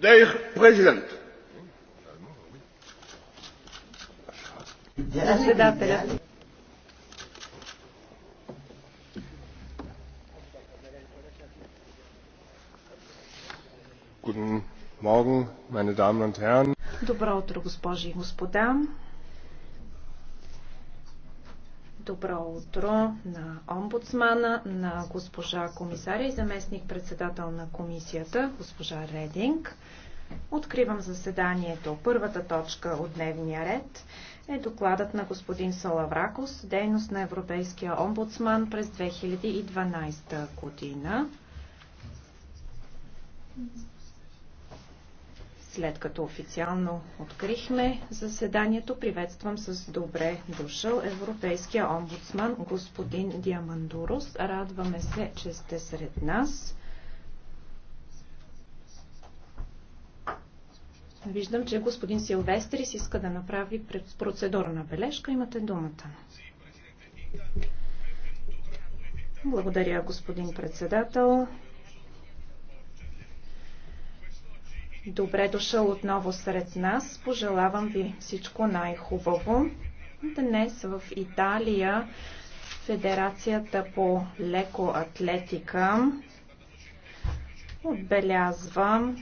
Dear President. Добро утро, госпожи и господа. Добро утро на омбудсмана, на госпожа комисаря и заместник председател на комисията, госпожа Рединг. Откривам заседанието. Първата точка от дневния ред е докладът на господин Салавракос, дейност на Европейския омбудсман през 2012 година. След като официално открихме заседанието, приветствам с добре дошъл Европейския омбудсман господин Диамандурус. Радваме се, че сте сред нас. Виждам, че господин Силвестрис иска да направи процедурна бележка. Имате думата. Благодаря, господин председател. Добре дошъл отново сред нас. Пожелавам ви всичко най-хубаво. Днес в Италия Федерацията по леко атлетика отбелязва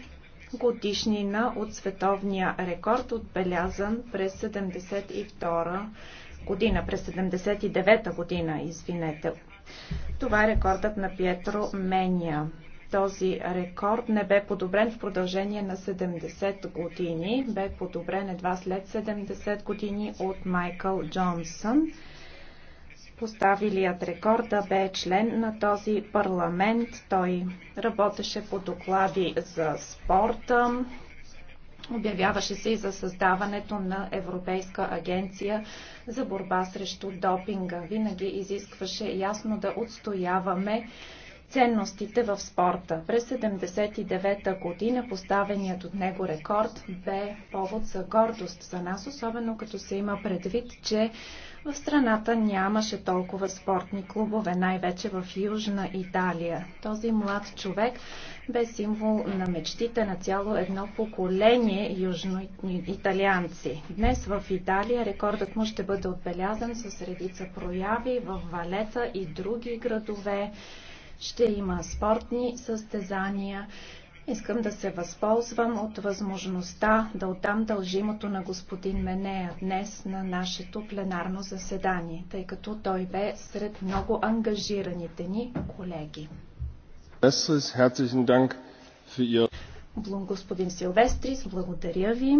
годишнина от световния рекорд, отбелязан през 72 година, през 79 година, извинете. Това е рекордът на Пьетро Мения. Този рекорд не бе подобрен в продължение на 70 години, бе подобрен едва след 70 години от Майкъл Джонсън. Поставилият рекорда бе член на този парламент. Той работеше по доклади за спорта, Обявяваше се и за създаването на Европейска агенция за борба срещу допинга. Винаги изискваше ясно да отстояваме ценностите в спорта. През 79-та година поставеният от него рекорд бе повод за гордост за нас, особено като се има предвид, че в страната нямаше толкова спортни клубове, най-вече в Южна Италия. Този млад човек бе символ на мечтите на цяло едно поколение южноиталианци. Днес в Италия рекордът му ще бъде отбелязан с редица прояви в Валета и други градове. Ще има спортни състезания, Искам да се възползвам от възможността да отдам дължимото на господин Менея днес на нашето пленарно заседание, тъй като той бе сред много ангажираните ни колеги. Господин Силвестрис, благодаря ви.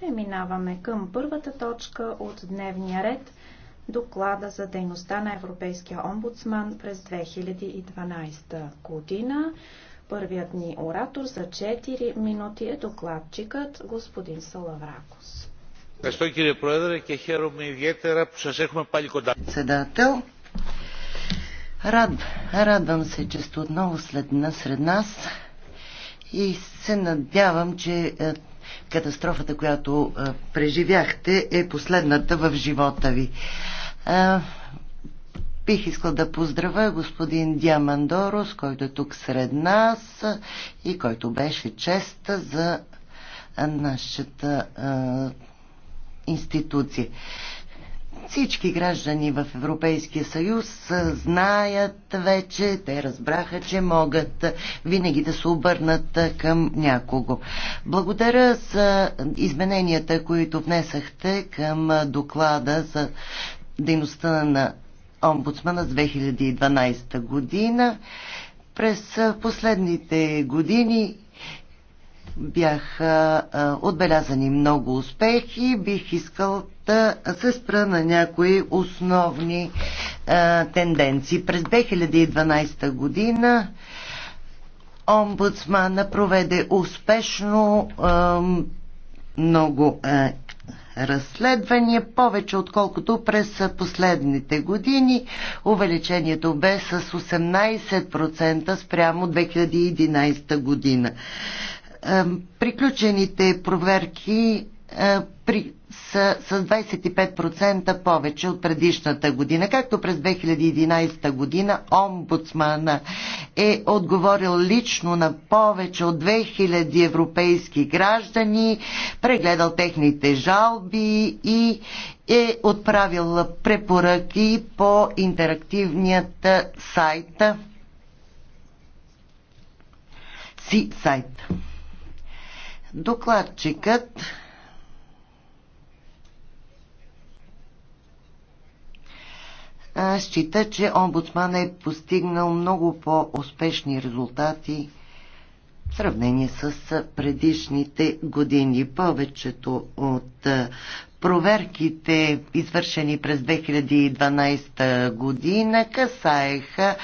Преминаваме към първата точка от дневния ред – доклада за дейността на Европейския омбудсман през 2012 година. Първият ни оратор за 4 минути е докладчикът господин Салавракос. Председател, рад, радвам се, че сте отново след, сред нас и се надявам, че е, катастрофата, която е, преживяхте, е последната в живота ви. Бих искал да поздравя господин Диамандорос, който е тук сред нас и който беше чест за нашата институция. Всички граждани в Европейския съюз знаят вече, те разбраха, че могат винаги да се обърнат към някого. Благодаря за измененията, които внесахте към доклада за дейността на омбудсмана с 2012 година. През последните години бяха отбелязани много успехи. Бих искал да се спра на някои основни тенденции. През 2012 година омбудсмана проведе успешно много разследвания, повече отколкото през последните години. Увеличението бе с 18% спрямо 2011 година. Приключените проверки е, при с, с 25% повече от предишната година. Както през 2011 година омбудсмана е отговорил лично на повече от 2000 европейски граждани, прегледал техните жалби и е отправил препоръки по интерактивният сайт си сайт. Докладчикът счита, че омбудсман е постигнал много по-успешни резултати в сравнение с предишните години. Повечето от проверките, извършени през 2012 година, касаеха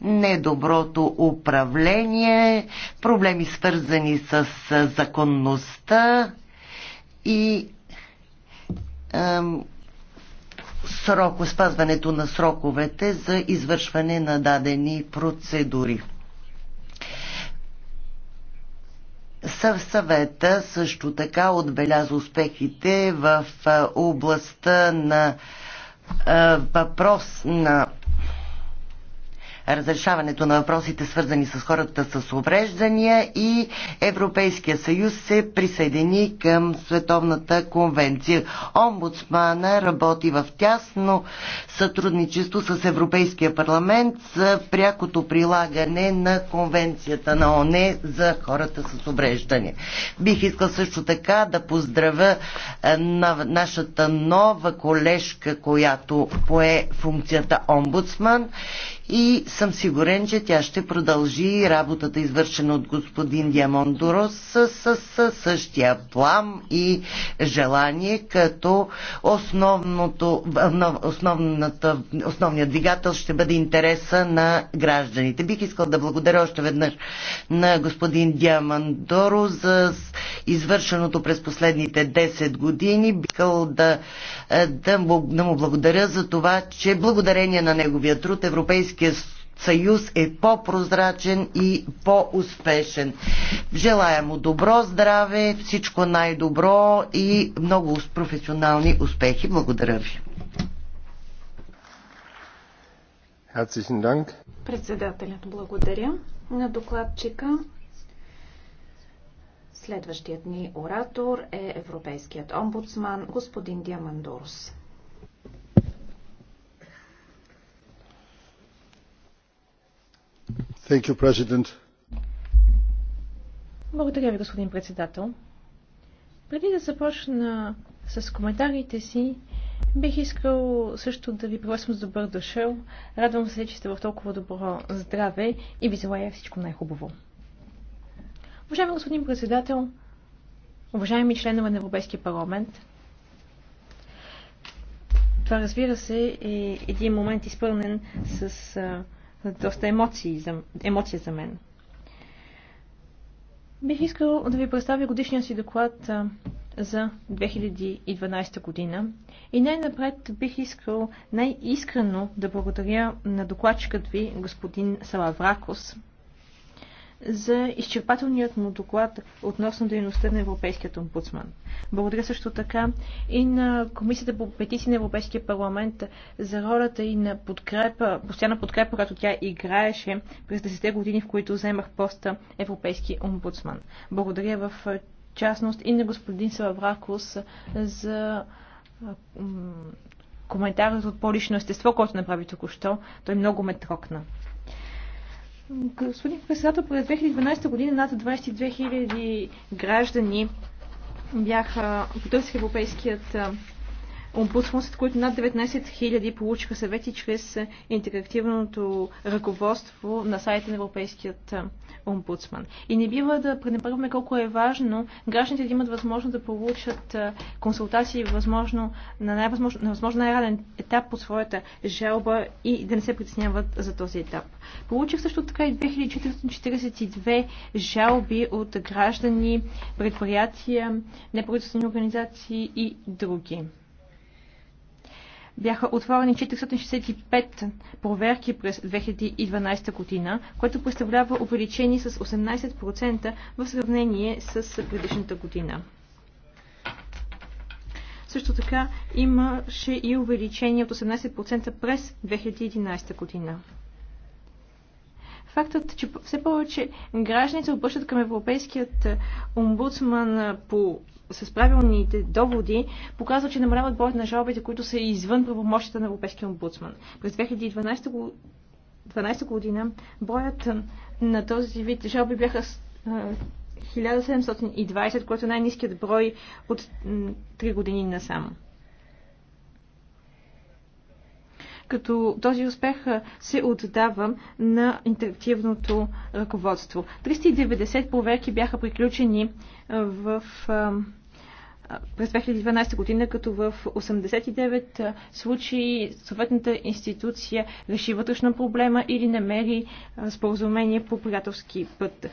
недоброто управление, проблеми свързани с законността и срок, спазването на сроковете за извършване на дадени процедури. Съв съвета също така отбеляза успехите в областта на въпрос на разрешаването на въпросите, свързани с хората с увреждания и Европейския съюз се присъедини към Световната конвенция. Омбудсмана работи в тясно сътрудничество с Европейския парламент за прякото прилагане на конвенцията на ОНЕ за хората с увреждания. Бих искал също така да поздравя е, на нашата нова колежка, която пое функцията омбудсман и съм сигурен, че тя ще продължи работата, извършена от господин Диамондорос, с, с, с същия плам и желание, като основното, основната, основният двигател ще бъде интереса на гражданите. Бих искал да благодаря още веднъж на господин Диамандоро за извършеното през последните 10 години. Бих искал да, да, да му благодаря за това, че благодарение на неговия труд Европейски Европейския съюз е по-прозрачен и по-успешен. Желая му добро здраве, всичко най-добро и много професионални успехи. Благодаря ви. Председателят благодаря на докладчика. Следващият ни оратор е Европейският омбудсман господин Диамандорус. Благодаря ви, господин председател. Преди да започна с коментарите си, бих искал също да ви приветствам с добър дошъл. Радвам се, че сте в толкова добро здраве и ви желая всичко най-хубаво. Уважаеми господин председател, уважаеми членове на Европейския парламент, това разбира се е един момент изпълнен с доста емоции за, емоция за мен. Бих искал да ви представя годишния си доклад за 2012 година. И най-напред бих искал най-искрено да благодаря на докладчикът ви, господин Салавракос, за изчерпателният му доклад относно дейността на Европейският омбудсман. Благодаря също така и на Комисията по петиции на Европейския парламент за ролята и на подкрепа, постоянна подкрепа, която тя играеше през 10-те години, в които вземах поста Европейски омбудсман. Благодаря в частност и на господин Савракус за коментарът от по-лично естество, който направи току-що. Той много ме трокна. Господин председател, през 2012 година над 22 000 граждани бяха потърсили Европейският омбудсманството, които над 19 000 получиха съвети чрез е, интерактивното ръководство на сайта на Европейският е, омбудсман. И не бива да пренебрегваме колко е важно гражданите да имат възможност да получат е, консултации възможно, на, най-възможно, на възможно най-ранен етап по своята жалба и да не се притесняват за този етап. Получих също така и 2442 жалби от граждани, предприятия, неправителствени организации и други бяха отворени 465 проверки през 2012 година, което представлява увеличение с 18% в сравнение с предишната година. Също така имаше и увеличение от 18% през 2011 година. Фактът, че все повече граждани се обръщат към Европейският омбудсман по с правилните доводи показва, че намаляват броят на жалбите, които са извън правомощите на Европейския омбудсман. През 2012 година 2012 година броят на този вид жалби бяха 1720, което е най-низкият брой от 3 години насам. като този успех се отдава на интерактивното ръководство. 390 проверки бяха приключени в през 2012 година, като в 89 случаи съответната институция реши вътрешна проблема или намери споразумение по приятелски път.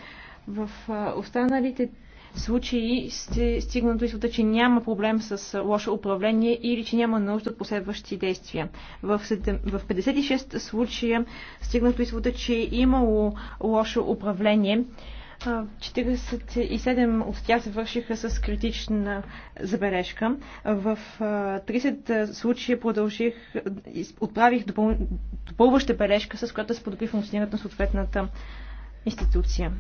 В останалите случаи сте стигнат до извода, че няма проблем с лошо управление или че няма нужда от последващи действия. В 56 случая стигнато извода, че е имало лошо управление. 47 от тях се вършиха с критична забележка. В 30 случая продължих, отправих допълваща бележка, с която се подобри функционирането на съответната институция.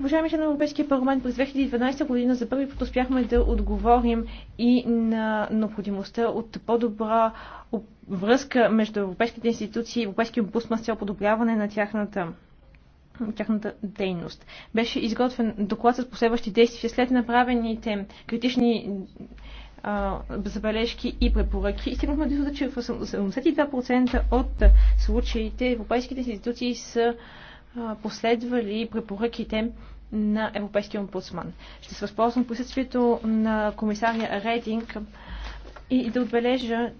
Уважаеми член на Европейския парламент, през 2012 година за първи път успяхме да отговорим и на необходимостта от по-добра връзка между европейските институции и Европейския омбудсман с цел подобряване на тяхната тяхната дейност. Беше изготвен доклад с последващи действия след направените критични а, забележки и препоръки. И стигнахме до да, че в 82% от случаите европейските институции са последвали препоръките на Европейския омбудсман. Ще се възползвам присъствието на комисария Рейдинг и да отбележа,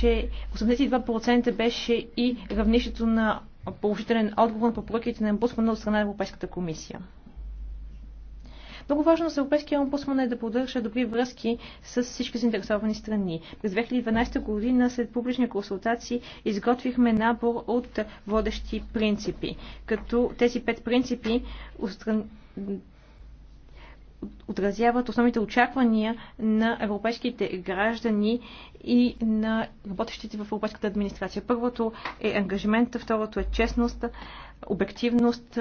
че 82% беше и равнището на положителен отговор на препоръките на омбудсмана от страна на Европейската комисия. Много важно за Европейския омбудсман е да поддържа добри връзки с всички заинтересовани страни. През 2012 година след публични консултации изготвихме набор от водещи принципи. Като тези пет принципи устран отразяват основните очаквания на европейските граждани и на работещите в европейската администрация. Първото е ангажимент, второто е честност, обективност,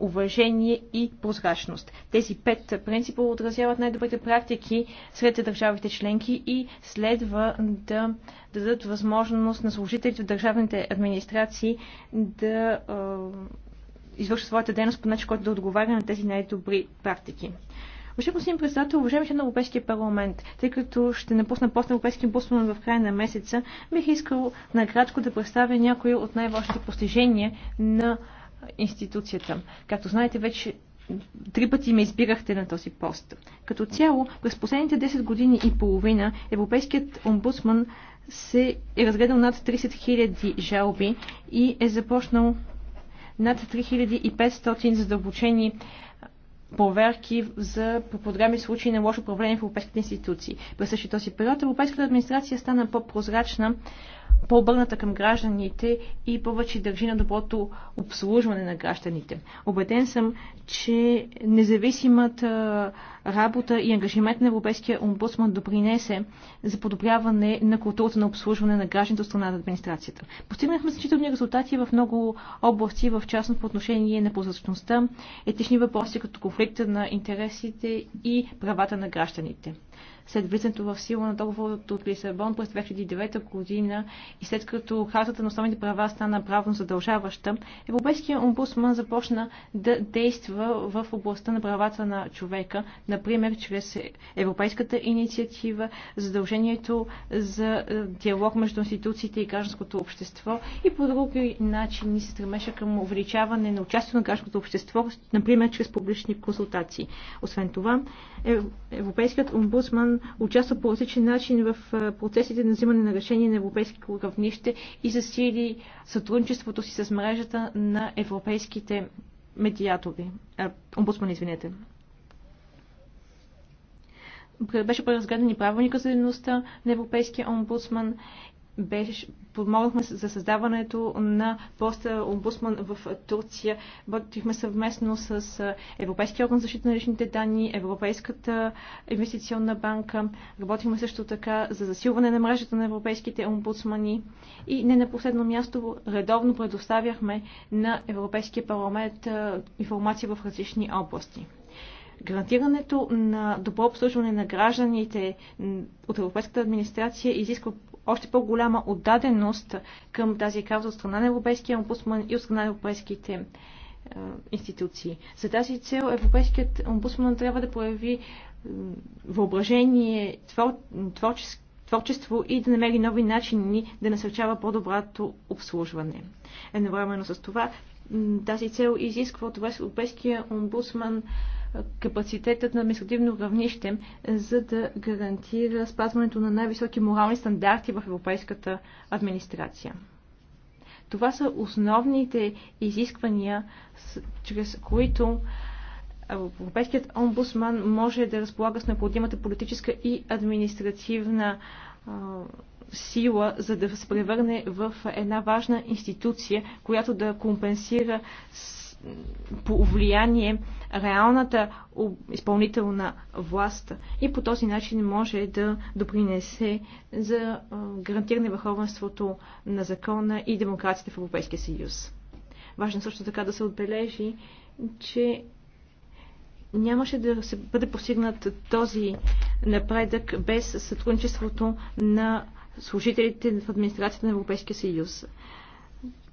уважение и прозрачност. Тези пет принципа отразяват най-добрите практики сред държавите членки и следва да дадат възможност на служителите в държавните администрации да извършат своята дейност по начин, който да отговаря на тези най-добри практики. Уважаеми господин председател, уважаеми член на Европейския парламент, тъй като ще напусна пост на Европейския бусман в края на месеца, бих искал накратко да представя някои от най-важните постижения на институцията. Както знаете, вече три пъти ме избирахте на този пост. Като цяло, през последните 10 години и половина Европейският омбудсман се е разгледал над 30 000 жалби и е започнал над 3500 задълбочени проверки за програми случаи на лошо управление в европейските институции. През същия този период европейската администрация стана по-прозрачна, по-обърната към гражданите и повече държи на доброто обслужване на гражданите. Обеден съм, че независимата работа и ангажимент на Европейския омбудсман допринесе за подобряване на културата на обслужване на гражданите от страна на администрацията. Постигнахме значителни резултати в много области, в частност по отношение на прозрачността, етични въпроси като конфликта на интересите и правата на гражданите след влизането в сила на договора от Лисабон през 2009 година и след като хартата на основните права стана правно задължаваща, Европейския омбудсман започна да действа в областта на правата на човека, например чрез Европейската инициатива, задължението за е, диалог между институциите и гражданското общество и по други начини се стремеше към увеличаване на участието на гражданското общество, например чрез публични консултации. Освен това, е, Европейският омбудсман участва по различен начин в процесите на взимане на решение на европейско равнище и засили сътрудничеството си с мрежата на европейските медиатори, а, омбудсмани, извинете. Беше преразгледан и правилника за дейността на Европейския омбудсман беше, подмогнахме за създаването на поста омбусман в Турция. Работихме съвместно с Европейския орган за защита на личните данни, Европейската инвестиционна банка. Работихме също така за засилване на мрежата на европейските омбудсмани. И не на последно място, редовно предоставяхме на Европейския парламент информация в различни области гарантирането на добро обслужване на гражданите от Европейската администрация изисква още по-голяма отдаденост към тази кауза от страна на Европейския омбудсман и от страна на европейските е, институции. За тази цел Европейският омбудсман трябва да прояви въображение, твор, творчески творчество и да намери нови начини да насърчава по-доброто обслужване. Едновременно с това тази цел изисква от Европейския омбудсман капацитетът на административно равнище, за да гарантира спазването на най-високи морални стандарти в европейската администрация. Това са основните изисквания, чрез които Европейският омбудсман може да разполага с необходимата политическа и административна сила, за да се превърне в една важна институция, която да компенсира по влияние реалната изпълнителна власт и по този начин може да допринесе за гарантиране върховенството на закона и демокрацията в Европейския съюз. Важно е също така да се отбележи, че нямаше да се бъде постигнат този напредък без сътрудничеството на служителите в администрацията на Европейския съюз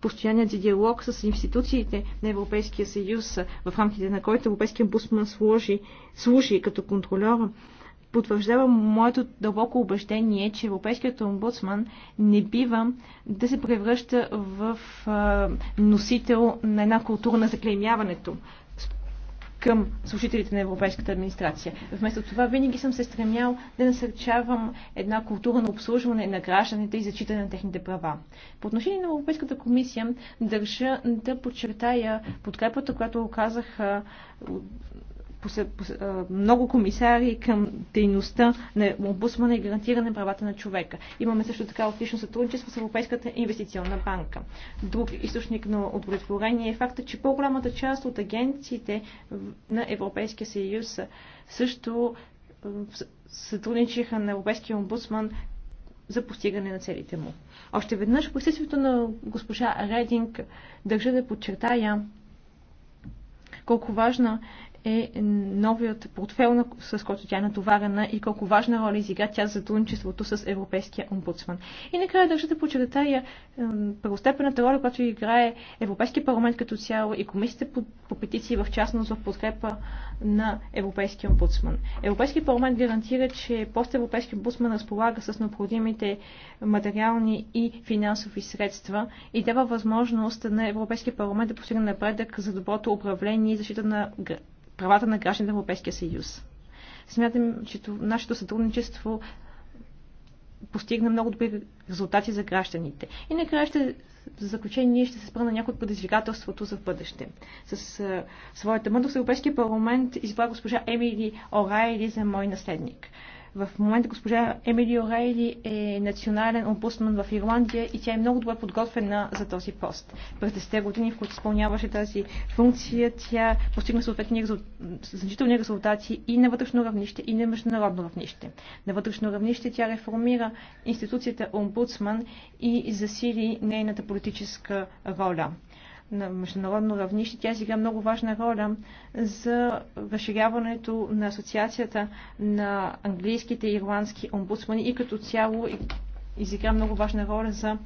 постоянният диалог с институциите на Европейския съюз, в рамките на който Европейския бусман служи, служи като контролер, потвърждава моето дълбоко убеждение, че Европейският омбудсман не бива да се превръща в носител на една култура на заклеймяването към служителите на Европейската администрация. Вместо това винаги съм се стремял да насърчавам една култура на обслужване на гражданите и зачитане на техните права. По отношение на Европейската комисия държа да подчертая подкрепата, която оказаха много комисари към дейността на омбусмана и гарантиране правата на човека. Имаме също така отлично сътрудничество с Европейската инвестиционна банка. Друг източник на удовлетворение е факта, че по-голямата част от агенциите на Европейския съюз също сътрудничиха на Европейския омбудсман за постигане на целите му. Още веднъж присъствието на госпожа Рединг държа да подчертая колко важна е новият портфел, с който тя е натоварена и колко важна роля изигра тя за сътрудничеството с Европейския омбудсман. И накрая държа да подчертая първостепената роля, която играе Европейския парламент като цяло и комисията по, по петиции в частност в подкрепа на Европейския омбудсман. Европейския парламент гарантира, че пост-европейския омбудсман разполага с необходимите материални и финансови средства и дава възможност на Европейския парламент да постигне напредък за доброто управление и защита на правата на гражданите на Европейския съюз. Смятам, че нашето сътрудничество постигна много добри резултати за гражданите. И накрая ще, за заключение ние ще се спра на някои от предизвикателството за бъдеще. С а, своята мъдрост Европейския парламент избра госпожа Емили Орайли за мой наследник. В момента госпожа Емили Орейли е национален омбудсман в Ирландия и тя е много добре подготвена за този пост. През 10 години, в които изпълняваше тази функция, тя постигна съответни резул... значителни резултати и на вътрешно равнище, и на международно равнище. На вътрешно равнище тя реформира институцията омбудсман и засили нейната политическа роля на международно равнище. Тя изигра много важна роля за разширяването на асоциацията на английските и ирландски омбудсмани и като цяло изигра много важна роля за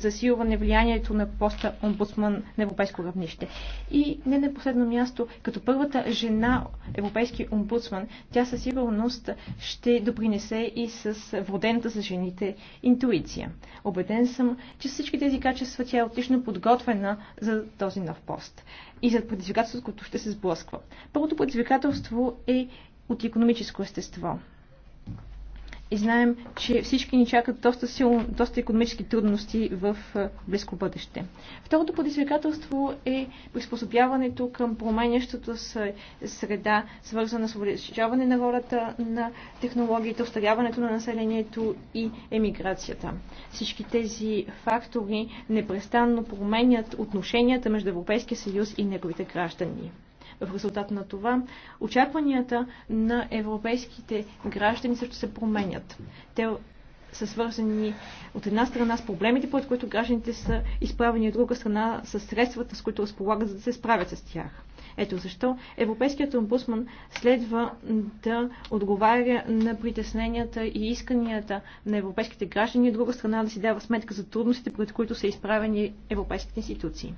засилване влиянието на поста омбудсман на европейско равнище. И не на последно място, като първата жена европейски омбудсман, тя със сигурност ще допринесе и с вродената за жените интуиция. Обеден съм, че всички тези качества тя е отлично подготвена за този нов пост и за предизвикателството, което ще се сблъсква. Първото предизвикателство е от економическо естество и знаем, че всички ни чакат доста, силно, доста економически трудности в близко бъдеще. Второто предизвикателство е приспособяването към променящата се среда, свързана с увеличаване на ролята на технологиите, устаряването на населението и емиграцията. Всички тези фактори непрестанно променят отношенията между Европейския съюз и неговите граждани. В резултат на това очакванията на европейските граждани също се променят. Те са свързани от една страна с проблемите, пред които гражданите са изправени, от друга страна с средствата, с които разполагат, за да се справят с тях. Ето защо Европейският омбудсман следва да отговаря на притесненията и исканията на европейските граждани, от друга страна да си дава сметка за трудностите, пред които са изправени европейските институции.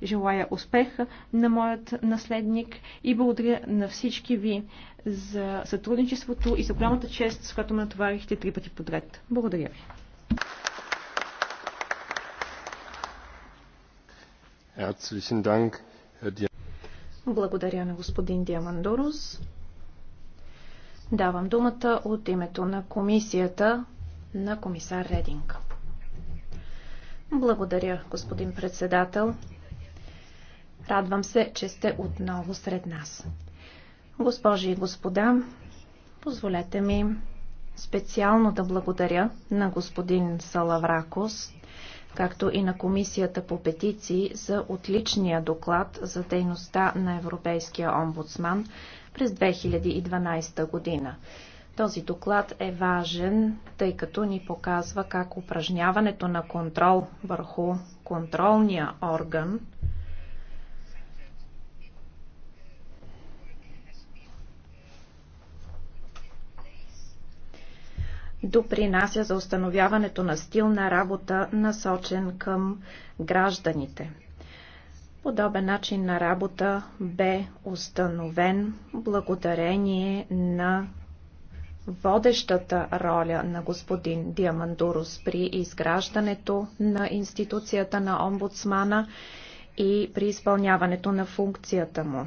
Желая успех на моят наследник и благодаря на всички ви за сътрудничеството и за голямата чест, с която ме натоварихте три пъти подред. Благодаря ви. Благодаря на господин Диамандурус. Давам думата от името на комисията на комисар Рединг. Благодаря, господин председател. Радвам се, че сте отново сред нас. Госпожи и господа, позволете ми специално да благодаря на господин Салавракос, както и на Комисията по петиции за отличния доклад за дейността на Европейския омбудсман през 2012 година. Този доклад е важен, тъй като ни показва как упражняването на контрол върху контролния орган допринася за установяването на стил на работа, насочен към гражданите. Подобен начин на работа бе установен благодарение на водещата роля на господин Диамандурус при изграждането на институцията на омбудсмана и при изпълняването на функцията му.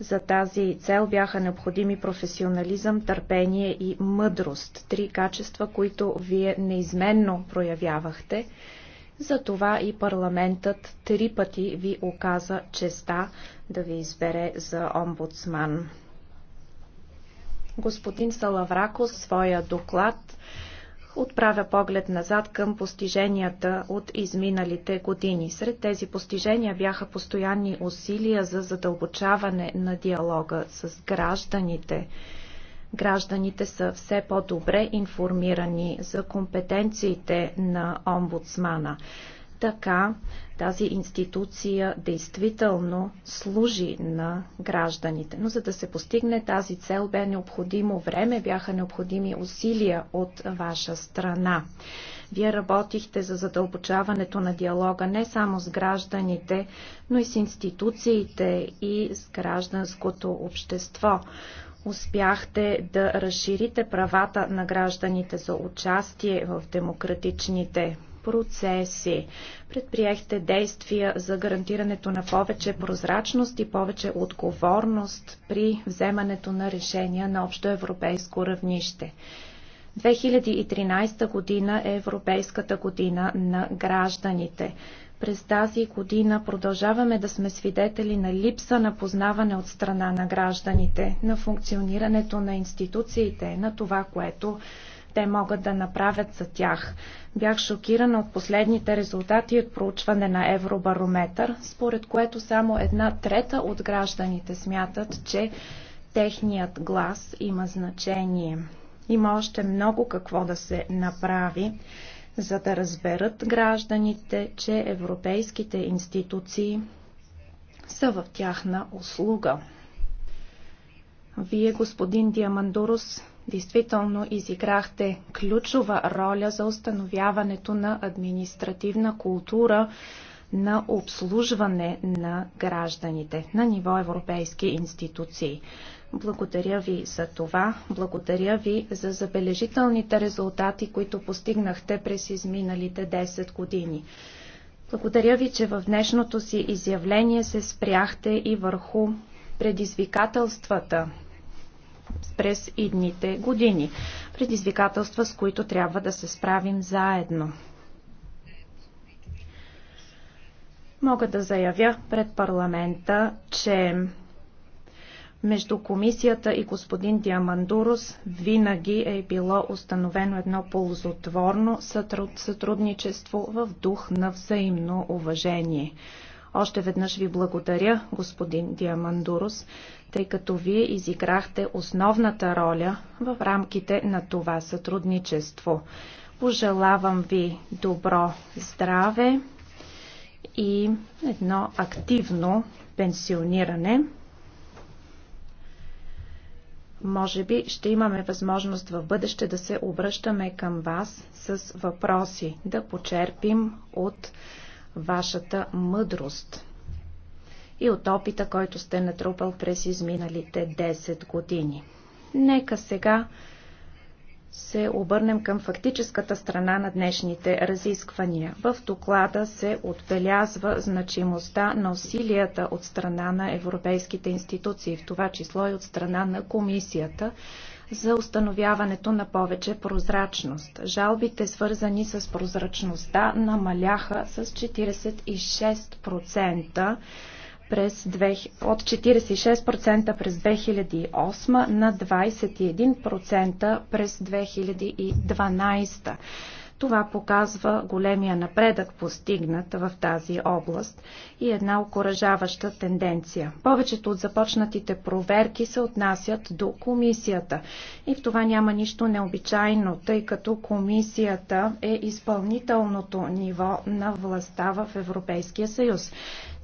За тази цел бяха необходими професионализъм, търпение и мъдрост. Три качества, които вие неизменно проявявахте. Затова и парламентът три пъти ви оказа честа да ви избере за омбудсман. Господин Салавракос своя доклад отправя поглед назад към постиженията от изминалите години. Сред тези постижения бяха постоянни усилия за задълбочаване на диалога с гражданите. Гражданите са все по-добре информирани за компетенциите на омбудсмана. Така тази институция действително служи на гражданите. Но за да се постигне тази цел бе необходимо време, бяха необходими усилия от ваша страна. Вие работихте за задълбочаването на диалога не само с гражданите, но и с институциите и с гражданското общество успяхте да разширите правата на гражданите за участие в демократичните процеси. Предприехте действия за гарантирането на повече прозрачност и повече отговорност при вземането на решения на общо европейско равнище. 2013 година е Европейската година на гражданите. През тази година продължаваме да сме свидетели на липса на познаване от страна на гражданите, на функционирането на институциите, на това, което те могат да направят за тях. Бях шокирана от последните резултати от проучване на Евробарометър, според което само една трета от гражданите смятат, че техният глас има значение. Има още много какво да се направи, за да разберат гражданите, че европейските институции са в тяхна услуга. Вие, господин Диамандурус, Действително изиграхте ключова роля за установяването на административна култура на обслужване на гражданите на ниво европейски институции. Благодаря ви за това. Благодаря ви за забележителните резултати, които постигнахте през изминалите 10 години. Благодаря ви, че в днешното си изявление се спряхте и върху предизвикателствата през идните години. Предизвикателства, с които трябва да се справим заедно. Мога да заявя пред парламента, че между комисията и господин Диамандурус винаги е било установено едно ползотворно сътрудничество в дух на взаимно уважение. Още веднъж ви благодаря, господин Диамандурус, тъй като вие изиграхте основната роля в рамките на това сътрудничество. Пожелавам ви добро здраве и едно активно пенсиониране. Може би ще имаме възможност в бъдеще да се обръщаме към вас с въпроси, да почерпим от вашата мъдрост и от опита, който сте натрупал през изминалите 10 години. Нека сега се обърнем към фактическата страна на днешните разисквания. В доклада се отбелязва значимостта на усилията от страна на европейските институции, в това число и от страна на комисията, за установяването на повече прозрачност. Жалбите, свързани с прозрачността, намаляха с 46% през 2, от 46% през 2008 на 21% през 2012. Това показва големия напредък постигнат в тази област и една окоръжаваща тенденция. Повечето от започнатите проверки се отнасят до комисията. И в това няма нищо необичайно, тъй като комисията е изпълнителното ниво на властта в Европейския съюз.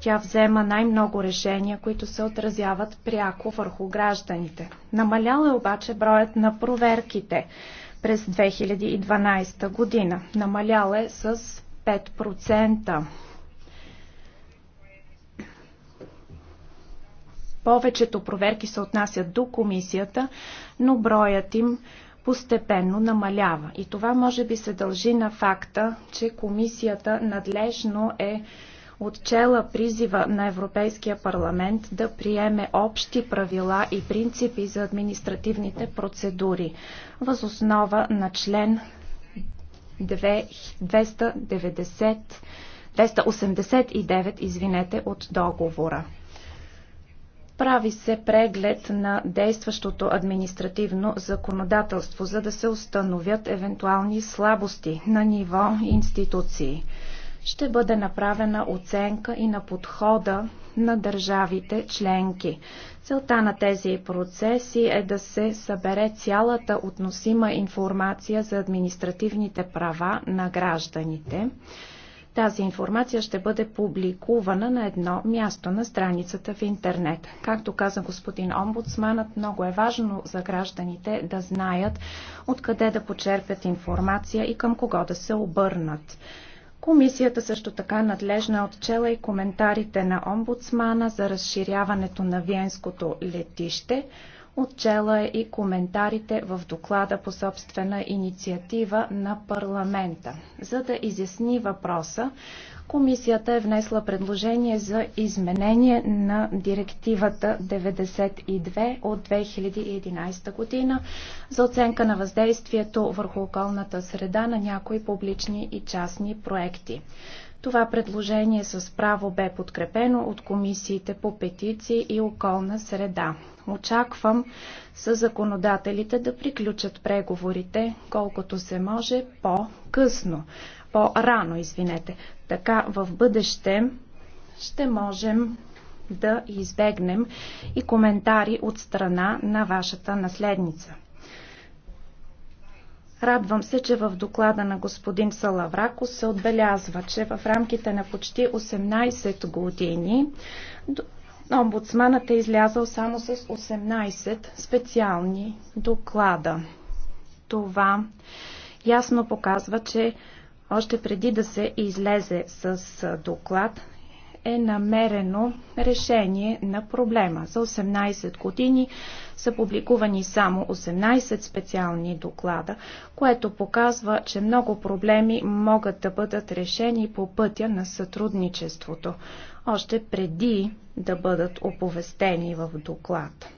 Тя взема най-много решения, които се отразяват пряко върху гражданите. Намалял е обаче броят на проверките през 2012 година. Намалял е с 5%. Повечето проверки се отнасят до комисията, но броят им постепенно намалява. И това може би се дължи на факта, че комисията надлежно е отчела призива на Европейския парламент да приеме общи правила и принципи за административните процедури възоснова на член 290, 289 извинете, от договора. Прави се преглед на действащото административно законодателство, за да се установят евентуални слабости на ниво институции ще бъде направена оценка и на подхода на държавите членки. Целта на тези процеси е да се събере цялата относима информация за административните права на гражданите. Тази информация ще бъде публикувана на едно място на страницата в интернет. Както каза господин омбудсманът, много е важно за гражданите да знаят откъде да почерпят информация и към кого да се обърнат. Комисията също така надлежно е отчела и коментарите на омбудсмана за разширяването на Виенското летище, Отчела е и коментарите в доклада по собствена инициатива на парламента. За да изясни въпроса, комисията е внесла предложение за изменение на директивата 92 от 2011 година за оценка на въздействието върху околната среда на някои публични и частни проекти. Това предложение с право бе подкрепено от комисиите по петиции и околна среда. Очаквам с законодателите да приключат преговорите колкото се може по-късно, по-рано, извинете. Така в бъдеще ще можем да избегнем и коментари от страна на вашата наследница. Радвам се, че в доклада на господин Салавракос се отбелязва, че в рамките на почти 18 години омбудсманът е излязъл само с 18 специални доклада. Това ясно показва, че още преди да се излезе с доклад, е намерено решение на проблема. За 18 години са публикувани само 18 специални доклада, което показва, че много проблеми могат да бъдат решени по пътя на сътрудничеството, още преди да бъдат оповестени в доклад.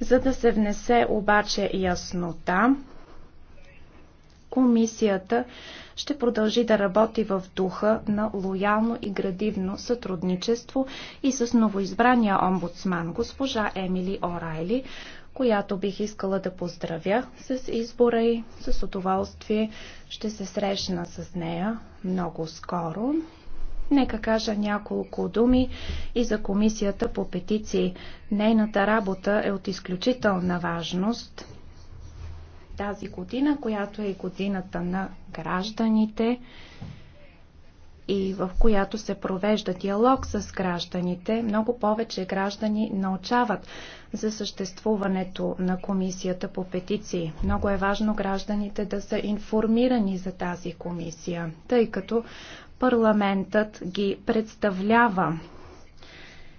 За да се внесе обаче яснота, комисията ще продължи да работи в духа на лоялно и градивно сътрудничество и с новоизбрания омбудсман госпожа Емили Орайли, която бих искала да поздравя с избора и с удоволствие ще се срещна с нея много скоро. Нека кажа няколко думи и за комисията по петиции. Нейната работа е от изключителна важност тази година, която е годината на гражданите и в която се провежда диалог с гражданите, много повече граждани научават за съществуването на комисията по петиции. Много е важно гражданите да са информирани за тази комисия, тъй като парламентът ги представлява.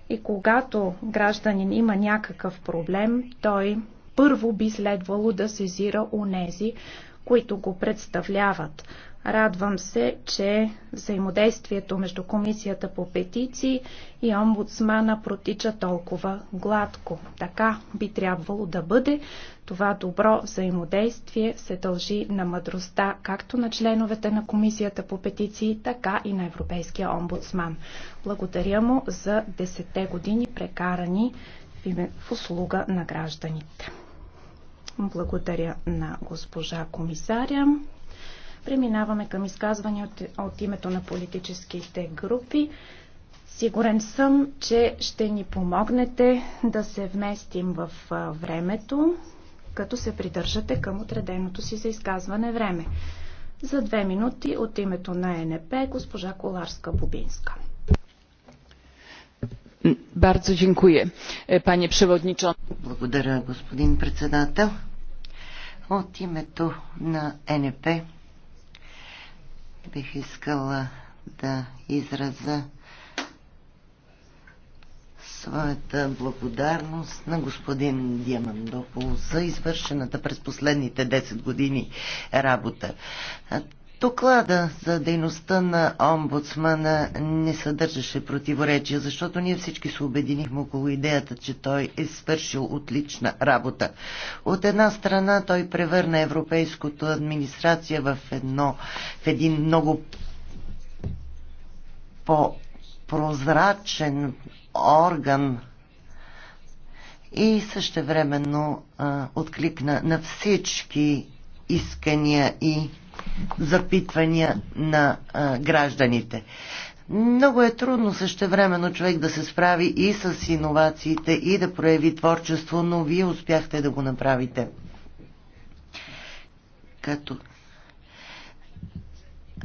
И когато гражданин има някакъв проблем, той първо би следвало да сезира онези, които го представляват. Радвам се, че взаимодействието между Комисията по петиции и омбудсмана протича толкова гладко. Така би трябвало да бъде. Това добро взаимодействие се дължи на мъдростта както на членовете на Комисията по петиции, така и на Европейския омбудсман. Благодаря му за 10 години прекарани в услуга на гражданите. Благодаря на госпожа комисаря. Преминаваме към изказвания от, от името на политическите групи. Сигурен съм, че ще ни помогнете да се вместим в времето, като се придържате към отреденото си за изказване време. За две минути от името на ЕНП госпожа Коларска-Бубинска. Е, Благодаря, господин председател. От името на НП бих искала да израза своята благодарност на господин Диамандопол за извършената през последните 10 години работа. Доклада за дейността на омбудсмана не съдържаше противоречия, защото ние всички се обединихме около идеята, че той е свършил отлична работа. От една страна той превърна европейското администрация в, едно, в един много по-прозрачен орган и същевременно а, откликна на всички искания и запитвания на а, гражданите. Много е трудно същевременно човек да се справи и с иновациите, и да прояви творчество, но вие успяхте да го направите. Като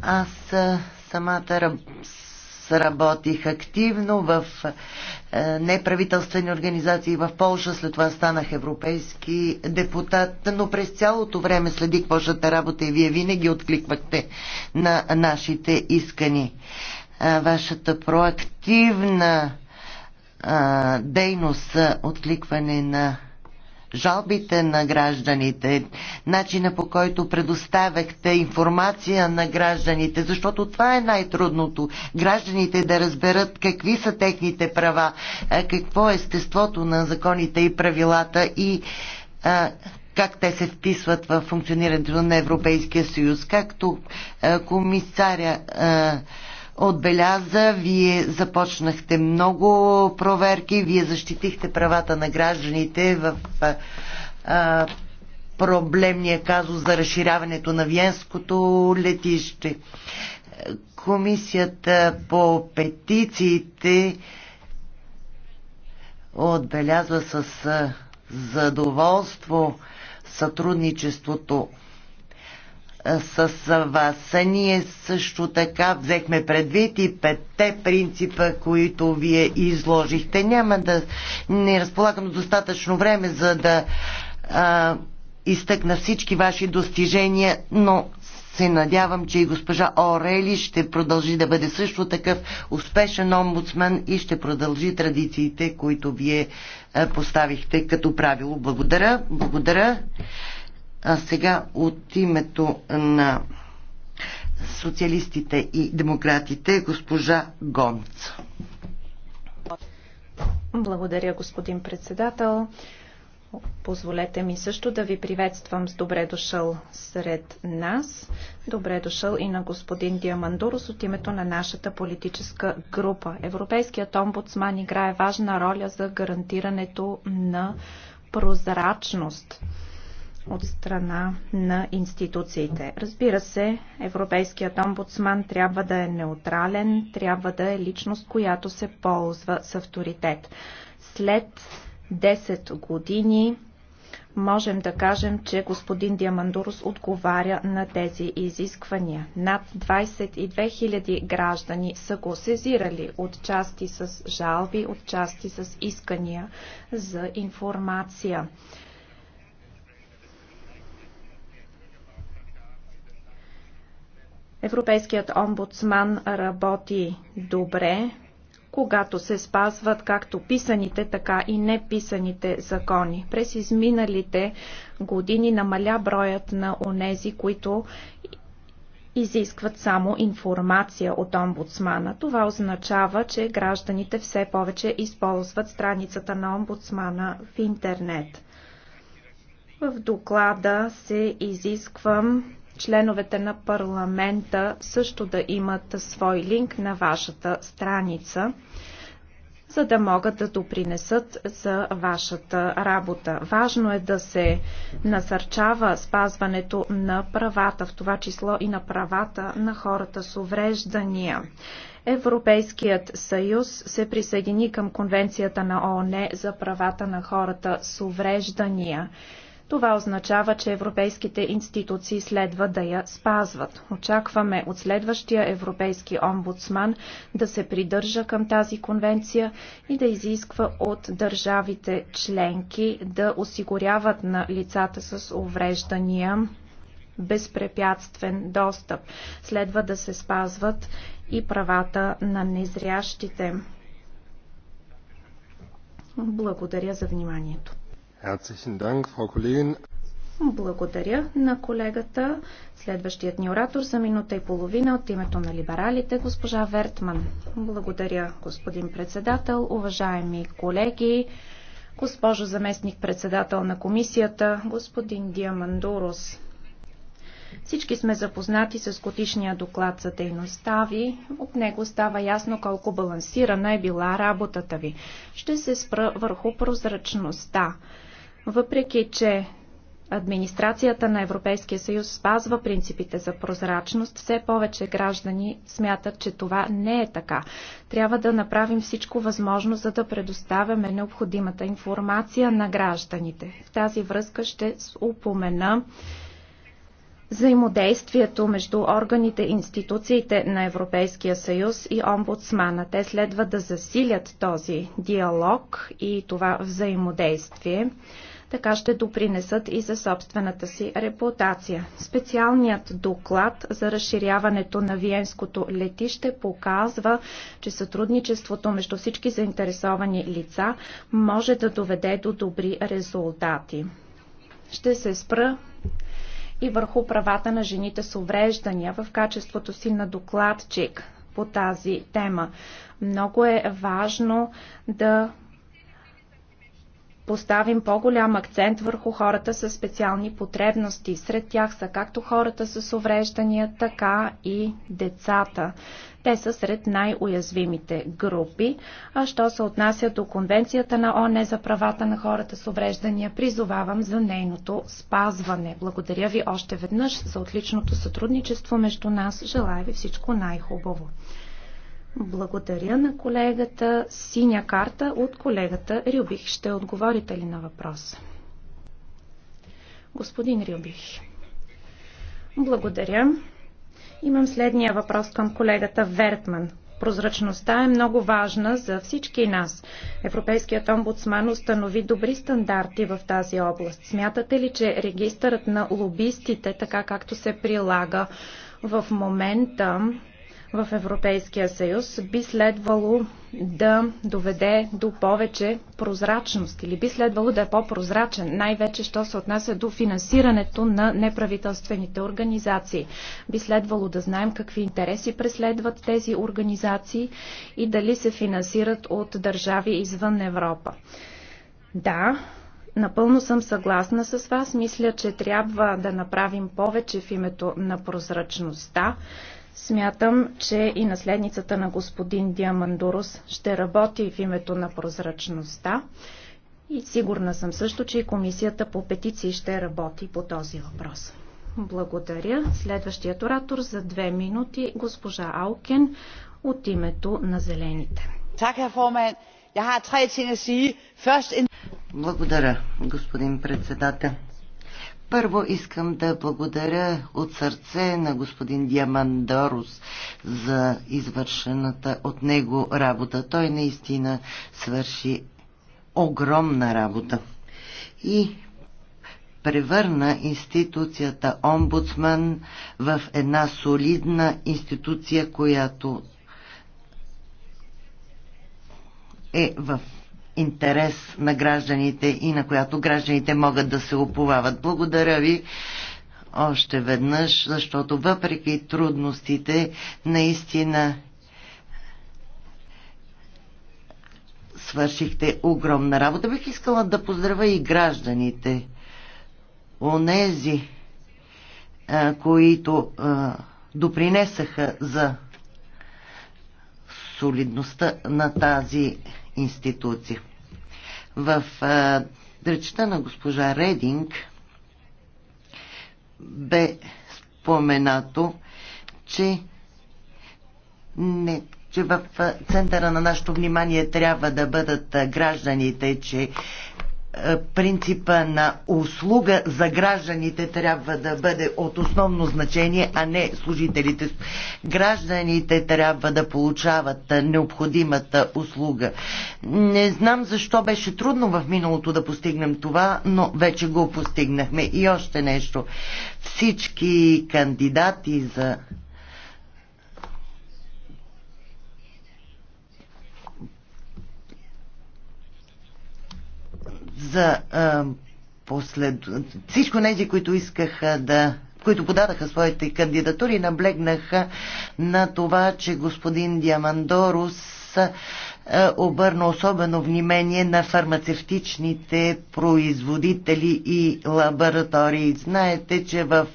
аз а, самата работих активно в е, неправителствени организации в Полша, след това станах европейски депутат, но през цялото време следих вашата работа и вие винаги откликвахте на нашите искани. Е, вашата проактивна е, дейност откликване на жалбите на гражданите, начина по който предоставяхте информация на гражданите, защото това е най-трудното. Гражданите да разберат какви са техните права, какво е естеството на законите и правилата и как те се вписват в функционирането на Европейския съюз. Както комисаря отбеляза. Вие започнахте много проверки, вие защитихте правата на гражданите в а, проблемния казус за разширяването на Виенското летище. Комисията по петициите отбелязва с задоволство сътрудничеството с вас. Ние също така взехме предвид и петте принципа, които вие изложихте. Няма да не разполагам достатъчно време, за да а, изтъкна всички ваши достижения, но се надявам, че и госпожа Орели ще продължи да бъде също такъв успешен омбудсман и ще продължи традициите, които вие поставихте като правило. Благодаря. Благодаря. А сега от името на социалистите и демократите госпожа Гонц. Благодаря, господин председател. Позволете ми също да ви приветствам с добре дошъл сред нас. Добре дошъл и на господин Диамандурос от името на нашата политическа група. Европейският омбудсман играе важна роля за гарантирането на прозрачност от страна на институциите. Разбира се, Европейският омбудсман трябва да е неутрален, трябва да е личност, която се ползва с авторитет. След 10 години можем да кажем, че господин Диамандурус отговаря на тези изисквания. Над 22 000 граждани са го сезирали от части с жалби, от части с искания за информация. Европейският омбудсман работи добре, когато се спазват както писаните, така и неписаните закони. През изминалите години намаля броят на онези, които изискват само информация от омбудсмана. Това означава, че гражданите все повече използват страницата на омбудсмана в интернет. В доклада се изисквам членовете на парламента също да имат свой линк на вашата страница, за да могат да допринесат за вашата работа. Важно е да се насърчава спазването на правата, в това число и на правата на хората с увреждания. Европейският съюз се присъедини към Конвенцията на ООН за правата на хората с увреждания. Това означава, че европейските институции следва да я спазват. Очакваме от следващия европейски омбудсман да се придържа към тази конвенция и да изисква от държавите членки да осигуряват на лицата с увреждания безпрепятствен достъп. Следва да се спазват и правата на незрящите. Благодаря за вниманието. Благодаря на колегата. Следващият ни оратор за минута и половина от името на либералите, госпожа Вертман. Благодаря, господин председател, уважаеми колеги, госпожо заместник председател на комисията, господин Диамандурос. Всички сме запознати с годишния доклад за дейността ви. От него става ясно колко балансирана е била работата ви. Ще се спра върху прозрачността. Въпреки, че администрацията на Европейския съюз спазва принципите за прозрачност, все повече граждани смятат, че това не е така. Трябва да направим всичко възможно, за да предоставяме необходимата информация на гражданите. В тази връзка ще упомена взаимодействието между органите и институциите на Европейския съюз и омбудсмана. Те следва да засилят този диалог и това взаимодействие така ще допринесат и за собствената си репутация. Специалният доклад за разширяването на Виенското летище показва, че сътрудничеството между всички заинтересовани лица може да доведе до добри резултати. Ще се спра и върху правата на жените с увреждания в качеството си на докладчик по тази тема. Много е важно да поставим по-голям акцент върху хората с специални потребности. Сред тях са както хората с увреждания, така и децата. Те са сред най-уязвимите групи. А що се отнася до Конвенцията на ОНЕ за правата на хората с увреждания, призовавам за нейното спазване. Благодаря ви още веднъж за отличното сътрудничество между нас. Желая ви всичко най-хубаво. Благодаря на колегата. Синя карта от колегата Рюбих. Ще отговорите ли на въпроса? Господин Рюбих. Благодаря. Имам следния въпрос към колегата Вертман. Прозрачността е много важна за всички нас. Европейският омбудсман установи добри стандарти в тази област. Смятате ли, че регистърът на лобистите, така както се прилага в момента, в Европейския съюз би следвало да доведе до повече прозрачност или би следвало да е по-прозрачен, най-вече що се отнася до финансирането на неправителствените организации. Би следвало да знаем какви интереси преследват тези организации и дали се финансират от държави извън Европа. Да, Напълно съм съгласна с вас. Мисля, че трябва да направим повече в името на прозрачността, Смятам, че и наследницата на господин Диамандурус ще работи в името на прозрачността и сигурна съм също, че и комисията по петиции ще работи по този въпрос. Благодаря. Следващият оратор за две минути госпожа Алкен от името на Зелените. Благодаря, господин председател. Първо искам да благодаря от сърце на господин Диамандорус за извършената от него работа. Той наистина свърши огромна работа и превърна институцията омбудсман в една солидна институция, която е в интерес на гражданите и на която гражданите могат да се оповават. Благодаря ви още веднъж, защото въпреки трудностите, наистина свършихте огромна работа. Бих искала да поздравя и гражданите, онези, които допринесаха за солидността на тази институции. В речта на госпожа Рединг бе споменато, че, не, че в центъра на нашето внимание трябва да бъдат гражданите, че е, принципа на услуга за гражданите трябва да бъде от основно значение, а не служителите. Гражданите трябва да получават необходимата услуга. Не знам защо беше трудно в миналото да постигнем това, но вече го постигнахме. И още нещо. Всички кандидати за за а, послед... всичко нези, които искаха да които подадаха своите кандидатури, наблегнаха на това, че господин Диамандорус обърна особено внимание на фармацевтичните производители и лаборатории. Знаете, че в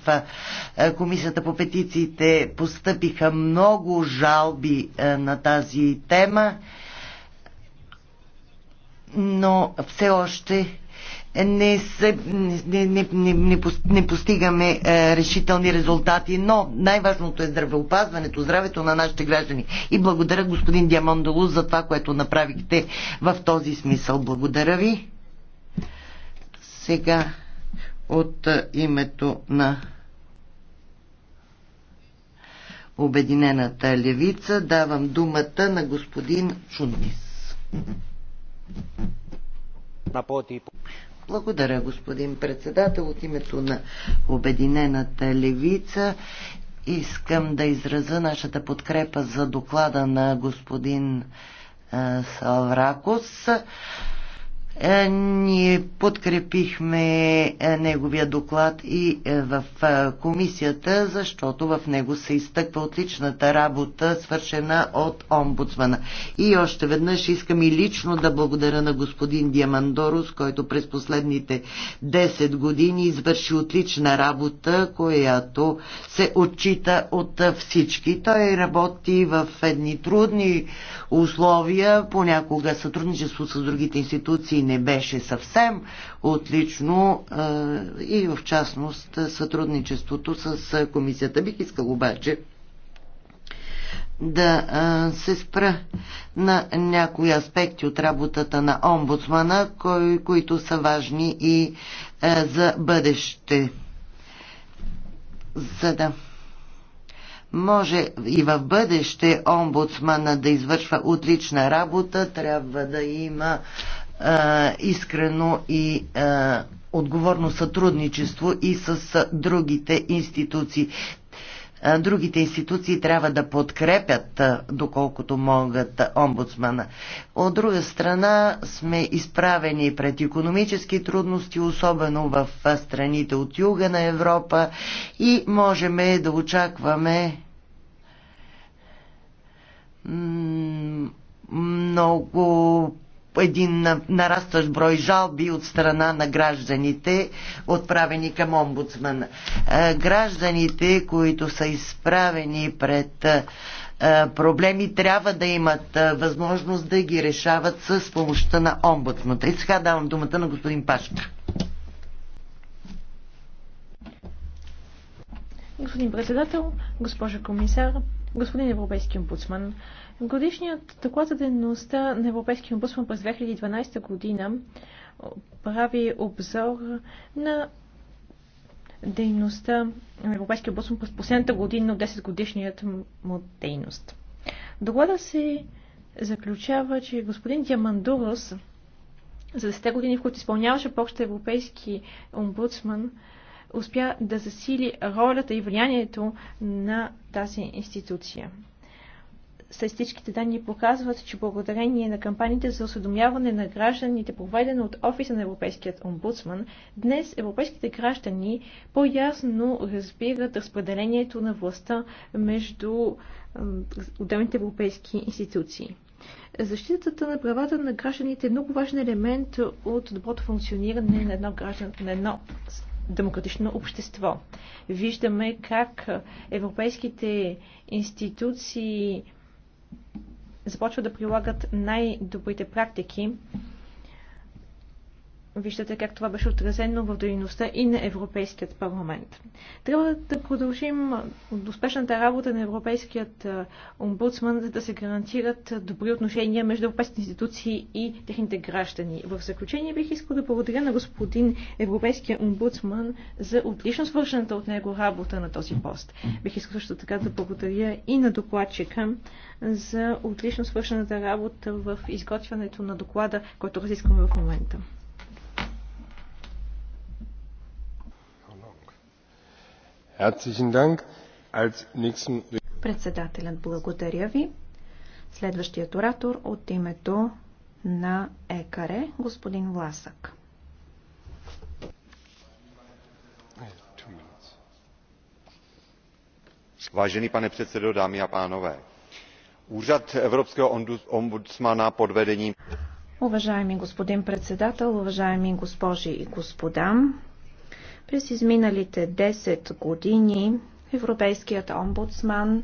Комисията по петициите постъпиха много жалби на тази тема но все още не, се, не, не, не, не, не постигаме е, решителни резултати, но най-важното е здравеопазването, здравето на нашите граждани. И благодаря господин Диамандолу за това, което направихте в този смисъл. Благодаря ви. Сега от е, името на Обединената левица давам думата на господин Чунис. Благодаря, господин председател. От името на Обединената левица искам да изразя нашата подкрепа за доклада на господин Салракос. Е, ние подкрепихме е, неговия доклад и е, в комисията, защото в него се изтъква отличната работа, свършена от омбудсмана. И още веднъж искам и лично да благодаря на господин Диамандорус, който през последните 10 години извърши отлична работа, която се отчита от всички. Той работи в едни трудни условия, понякога сътрудничество с другите институции не беше съвсем отлично и в частност сътрудничеството с комисията. Бих искал обаче да се спра на някои аспекти от работата на омбудсмана, кои, които са важни и за бъдеще. За да може и в бъдеще омбудсмана да извършва отлична работа, трябва да има а, искрено и а, отговорно сътрудничество и с другите институции. Другите институции трябва да подкрепят, доколкото могат, омбудсмана. От друга страна сме изправени пред економически трудности, особено в страните от юга на Европа и можем да очакваме много един нарастващ брой жалби от страна на гражданите, отправени към омбудсмана. Е, гражданите, които са изправени пред е, проблеми, трябва да имат е, възможност да ги решават с помощта на омбудсмата. И сега давам думата на господин Пашка. Господин председател, госпожа комисар, господин европейски омбудсман, Годишният доклад за дейността на Европейския омбудсман през 2012 година прави обзор на дейността на Европейския омбудсман през последната година от 10 годишният му дейност. Доклада се заключава, че господин Диамандурос за 10 години, в които изпълняваше почта Европейски омбудсман, успя да засили ролята и влиянието на тази институция. Статистическите данни показват, че благодарение на кампаниите за осведомяване на гражданите, проведена от Офиса на Европейският омбудсман, днес европейските граждани по-ясно разбират разпределението на властта между отделните европейски институции. Защитата на правата на гражданите е много важен елемент от доброто функциониране на едно, граждан, на едно демократично общество. Виждаме как европейските институции започват да прилагат най-добрите практики Виждате как това беше отразено в дейността и на Европейският парламент. Трябва да продължим от успешната работа на Европейският омбудсман, за да се гарантират добри отношения между европейските институции и техните граждани. В заключение бих искал да благодаря на господин Европейския омбудсман за отлично свършената от него работа на този пост. Бих искал също така да благодаря и на докладчика за отлично свършената работа в изготвянето на доклада, който разискваме в момента. Председателят благодаря ви. Следващият оратор от името на ЕКАРЕ, господин Власък. Vážený pane předsedo, dámy a pánové, Úřad Evropského ombudsmana pod vedením Уважаеми господин председател, уважаеми госпожи и господа, през изминалите 10 години Европейският омбудсман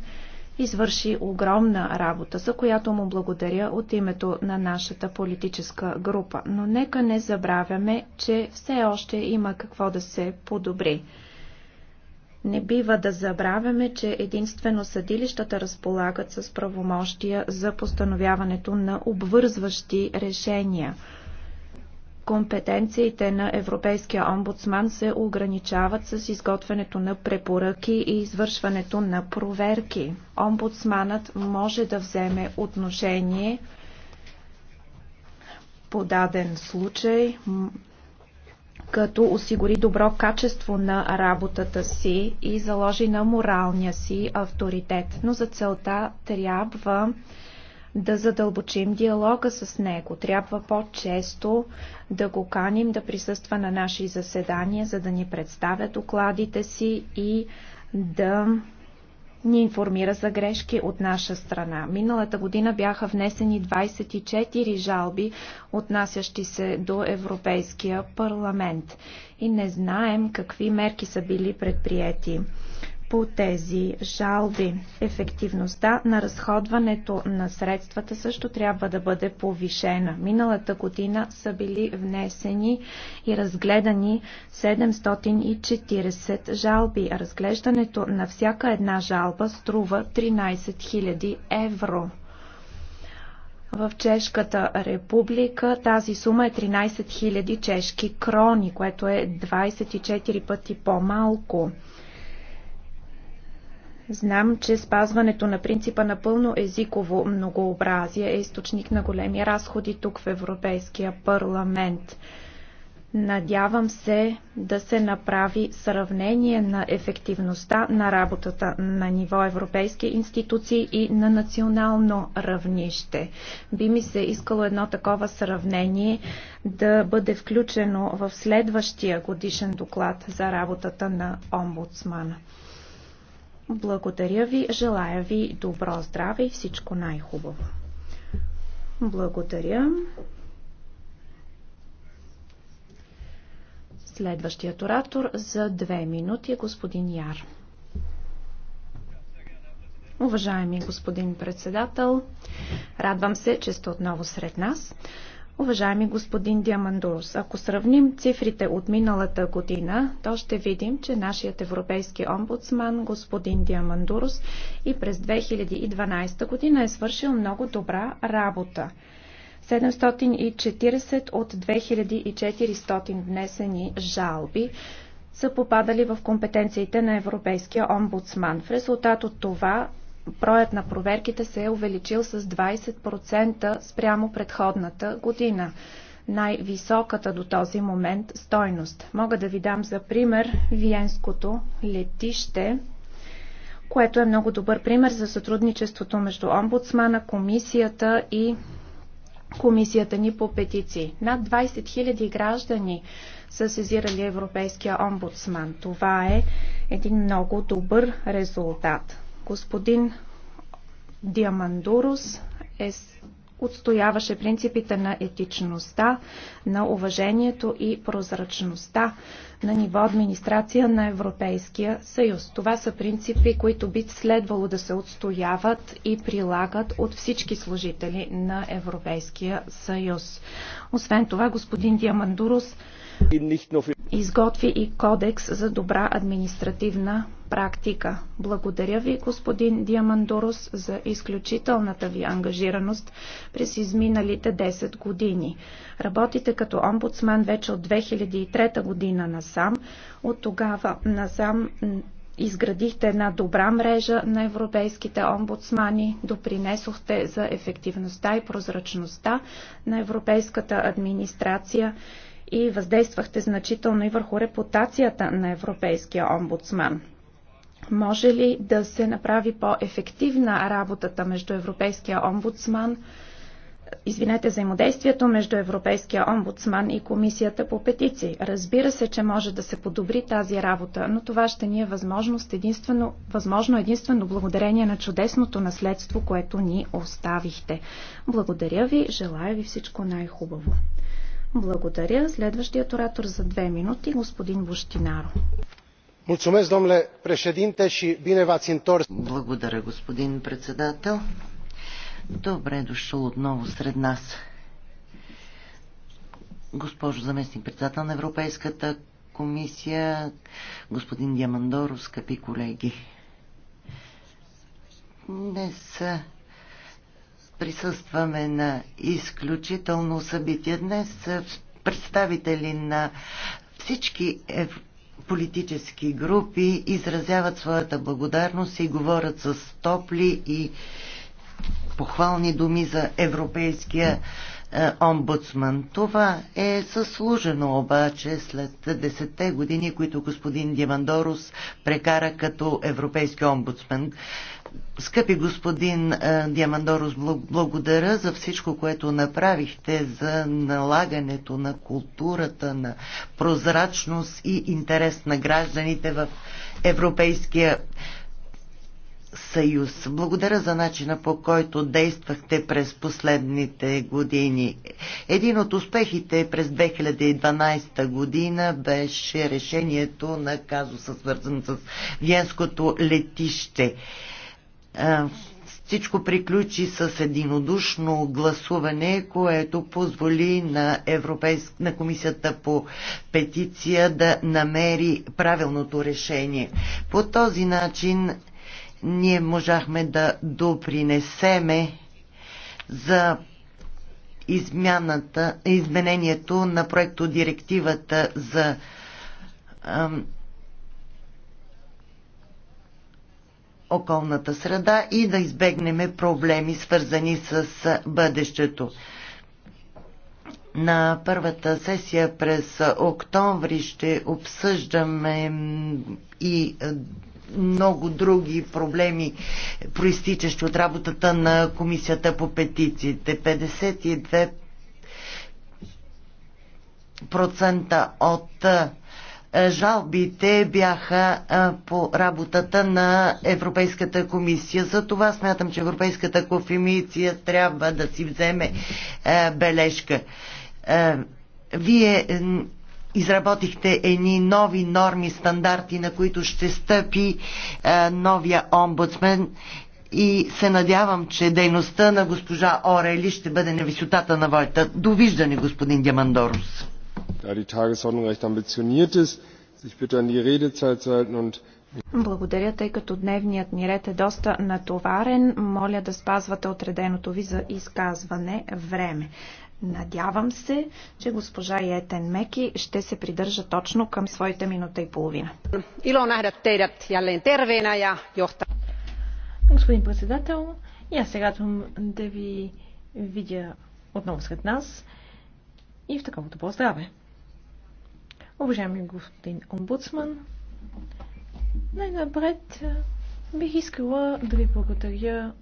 извърши огромна работа, за която му благодаря от името на нашата политическа група. Но нека не забравяме, че все още има какво да се подобри. Не бива да забравяме, че единствено съдилищата разполагат с правомощия за постановяването на обвързващи решения компетенциите на Европейския омбудсман се ограничават с изготвянето на препоръки и извършването на проверки. Омбудсманът може да вземе отношение по даден случай, като осигури добро качество на работата си и заложи на моралния си авторитет. Но за целта трябва да задълбочим диалога с него. Трябва по-често да го каним да присъства на наши заседания, за да ни представя докладите си и да ни информира за грешки от наша страна. Миналата година бяха внесени 24 жалби, отнасящи се до Европейския парламент. И не знаем какви мерки са били предприяти по тези жалби. Ефективността на разходването на средствата също трябва да бъде повишена. Миналата година са били внесени и разгледани 740 жалби. Разглеждането на всяка една жалба струва 13 000 евро. В Чешката република тази сума е 13 000 чешки крони, което е 24 пъти по-малко. Знам, че спазването на принципа на пълно езиково многообразие е източник на големи разходи тук в Европейския парламент. Надявам се да се направи сравнение на ефективността на работата на ниво европейски институции и на национално равнище. Би ми се искало едно такова сравнение да бъде включено в следващия годишен доклад за работата на омбудсмана. Благодаря ви, желая ви добро здраве и всичко най-хубаво. Благодаря. Следващият оратор за две минути е господин Яр. Уважаеми господин председател, радвам се, че сте отново сред нас. Уважаеми господин Диамандурус, ако сравним цифрите от миналата година, то ще видим, че нашият европейски омбудсман, господин Диамандурус, и през 2012 година е свършил много добра работа. 740 от 2400 внесени жалби са попадали в компетенциите на Европейския омбудсман. В резултат от това броят на проверките се е увеличил с 20% спрямо предходната година най-високата до този момент стойност. Мога да ви дам за пример Виенското летище, което е много добър пример за сътрудничеството между омбудсмана, комисията и комисията ни по петиции. Над 20 000 граждани са сезирали Европейския омбудсман. Това е един много добър резултат. Господин Диамандурус е отстояваше принципите на етичността, на уважението и прозрачността на ниво администрация на Европейския съюз. Това са принципи, които би следвало да се отстояват и прилагат от всички служители на Европейския съюз. Освен това, господин Диамандурус Изготви и кодекс за добра административна практика. Благодаря ви, господин Диамандорос, за изключителната ви ангажираност през изминалите 10 години. Работите като омбудсман вече от 2003 година насам. От тогава насам изградихте една добра мрежа на европейските омбудсмани, допринесохте за ефективността и прозрачността на европейската администрация и въздействахте значително и върху репутацията на Европейския омбудсман. Може ли да се направи по-ефективна работата между Европейския омбудсман, извинете, взаимодействието между Европейския омбудсман и Комисията по петиции? Разбира се, че може да се подобри тази работа, но това ще ни е възможност единствено, възможно единствено благодарение на чудесното наследство, което ни оставихте. Благодаря ви, желая ви всичко най-хубаво. Благодаря. Следващият оратор за две минути, господин Буштинаро. Благодаря, господин председател. Добре дошъл отново сред нас. Госпожо заместник председател на Европейската комисия, господин Диамандоров, скъпи колеги. Днес присъстваме на изключително събитие. Днес представители на всички политически групи изразяват своята благодарност и говорят с топли и похвални думи за Европейския е, омбудсман. Това е съслужено обаче след 10-те години, които господин Димандорус прекара като европейски омбудсман. Скъпи господин е, Диамандорос, благодаря за всичко, което направихте за налагането на културата на прозрачност и интерес на гражданите в Европейския съюз. Благодаря за начина по който действахте през последните години. Един от успехите през 2012 година беше решението на казуса, свързан с Венското летище. Е, всичко приключи с единодушно гласуване, което позволи на, Европейск... на Комисията по петиция да намери правилното решение. По този начин ние можахме да допринесеме за изменението на проекто директивата за околната среда и да избегнем проблеми, свързани с бъдещето. На първата сесия през октомври ще обсъждаме и много други проблеми, проистичащи от работата на Комисията по петициите. 52% от е, жалбите бяха е, по работата на Европейската комисия. За това смятам, че Европейската комисия трябва да си вземе е, бележка. Вие изработихте едни нови норми, стандарти, на които ще стъпи новия омбудсмен и се надявам, че дейността на госпожа Орели ще бъде на висотата на войта. Довиждане, господин Диамандорус. Da die die Tagesordnung recht ambitioniert ist, sich bitte an Redezeit zu halten und Благодаря, тъй като дневният ни ред е доста натоварен. Моля да спазвате отреденото ви за изказване време. Надявам се, че госпожа Йетен Меки ще се придържа точно към своите минута и половина. Ило nähdä teidät jälleen terveenä ja johtaa. Господин председател, и аз сега да ви видя отново сред нас и в такова добро здраве. Уважаеми господин омбудсман, най-напред е, бих искала да ви благодаря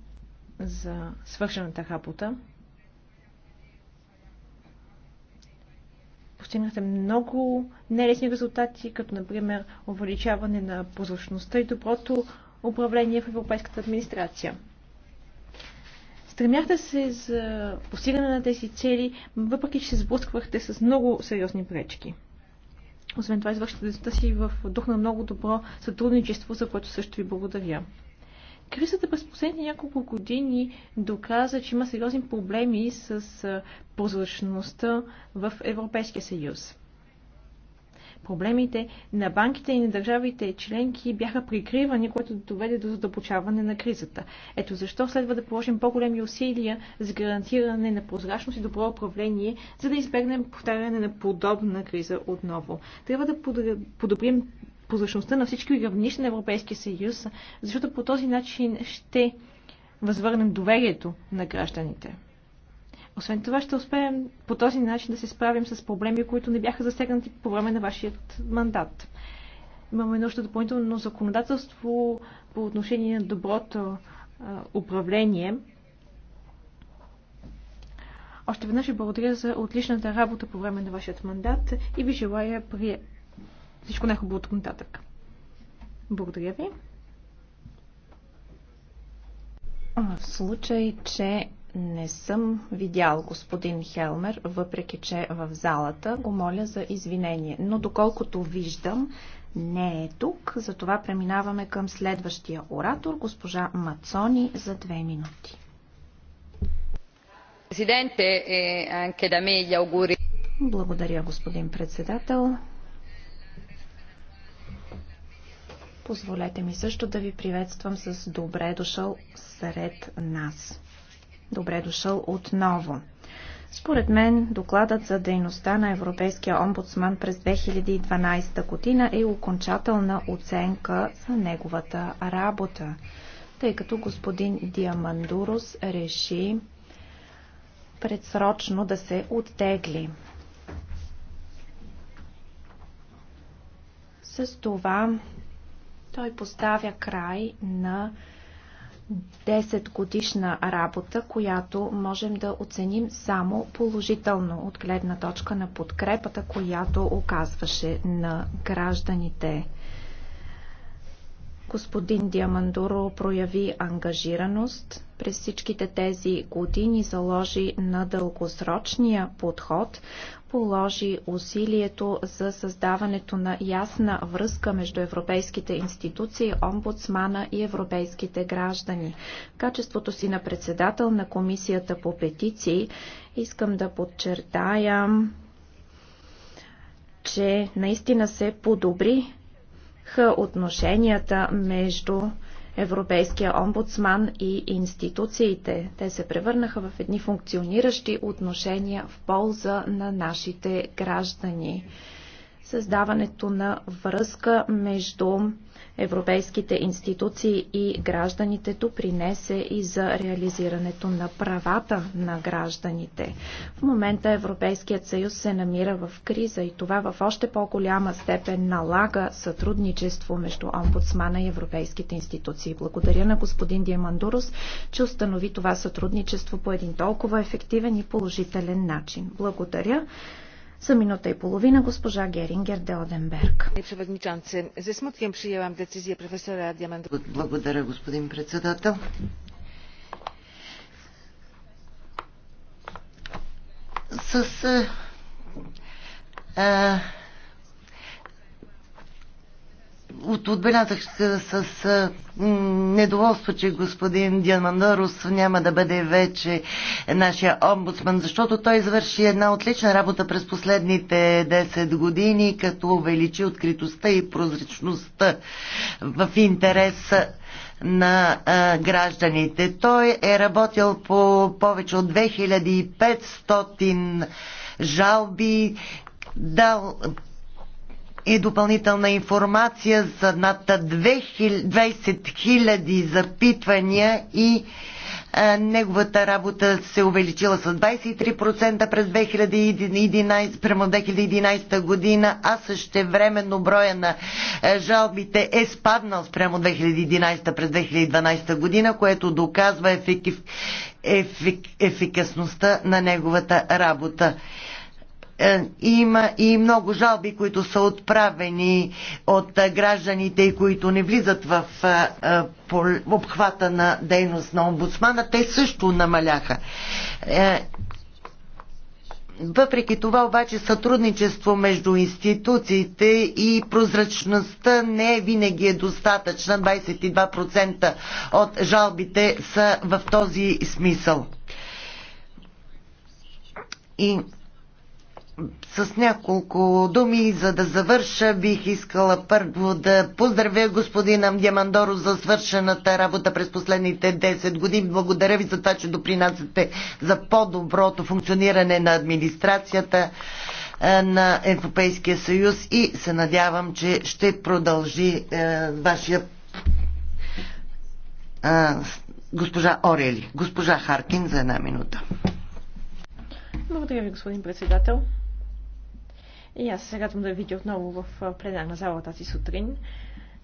за свършената работа. Постигнахте много нелесни резултати, като например увеличаване на прозрачността и доброто управление в Европейската администрация. Стремяхте се за постигане на тези цели, въпреки че се сблъсквахте с много сериозни пречки. Освен това, извършите дейността си в дух на много добро сътрудничество, за което също ви благодаря. Кризата през последните няколко години доказа, че има сериозни проблеми с прозрачността в Европейския съюз проблемите на банките и на държавите членки бяха прикривани, което доведе до задълбочаване на кризата. Ето защо следва да положим по-големи усилия за гарантиране на прозрачност и добро управление, за да избегнем повтаряне на подобна криза отново. Трябва да подобрим прозрачността на всички равнища на Европейския съюз, защото по този начин ще възвърнем доверието на гражданите. Освен това ще успеем по този начин да се справим с проблеми, които не бяха засегнати по време на вашият мандат. Имаме нужда допълнително законодателство по отношение на доброто а, управление. Още веднъж ви благодаря за отличната работа по време на вашият мандат и ви желая при всичко най-хубаво от нататък. Благодаря ви. В случай, че не съм видял господин Хелмер, въпреки че е в залата го моля за извинение. Но доколкото виждам, не е тук. Затова преминаваме към следващия оратор, госпожа Мацони, за две минути. Е Благодаря, господин председател. Позволете ми също да ви приветствам с добре дошъл сред нас. Добре дошъл отново. Според мен, докладът за дейността на Европейския омбудсман през 2012 година е окончателна оценка за неговата работа, тъй като господин Диамандурус реши предсрочно да се оттегли. С това той поставя край на 10 годишна работа, която можем да оценим само положително от гледна точка на подкрепата, която оказваше на гражданите. Господин Диамандуро прояви ангажираност. През всичките тези години заложи на дългосрочния подход, положи усилието за създаването на ясна връзка между европейските институции, омбудсмана и европейските граждани. В качеството си на председател на Комисията по петиции искам да подчертая, че наистина се подобри отношенията между Европейския омбудсман и институциите. Те се превърнаха в едни функциониращи отношения в полза на нашите граждани. Създаването на връзка между европейските институции и гражданите допринесе и за реализирането на правата на гражданите. В момента Европейският съюз се намира в криза и това в още по-голяма степен налага сътрудничество между омбудсмана и европейските институции. Благодаря на господин Диамандурус, че установи това сътрудничество по един толкова ефективен и положителен начин. Благодаря. За минута и половина госпожа Герингер де Оденберг. Благодаря, господин председател. С а, е, е, от, отбелязах с, с недоволство, че господин Диамандорус няма да бъде вече нашия омбудсман, защото той извърши една отлична работа през последните 10 години, като увеличи откритостта и прозрачността в интерес на а, гражданите. Той е работил по повече от 2500 жалби, дал и допълнителна информация за над 20 000 запитвания и неговата работа се увеличила с 23% през 2011, прямо 2011 година, а също времено броя на жалбите е спаднал спрямо 2011 през 2012 година, което доказва ефик... Ефик... ефикасността на неговата работа. Е, има и много жалби, които са отправени от е, гражданите и които не влизат в е, обхвата на дейност на омбудсмана. Те също намаляха. Въпреки това обаче сътрудничество между институциите и прозрачността не винаги е достатъчна. 22% от жалбите са в този смисъл. И с няколко думи, за да завърша, бих искала първо да поздравя господина Мдямандоро за свършената работа през последните 10 години. Благодаря ви за това, че допринасяте за по-доброто функциониране на администрацията е, на Европейския съюз и се надявам, че ще продължи е, вашия е, госпожа Орели. Госпожа Харкин за една минута. Благодаря ви, господин председател. И аз се радвам да я видя отново в пленарна зала тази сутрин.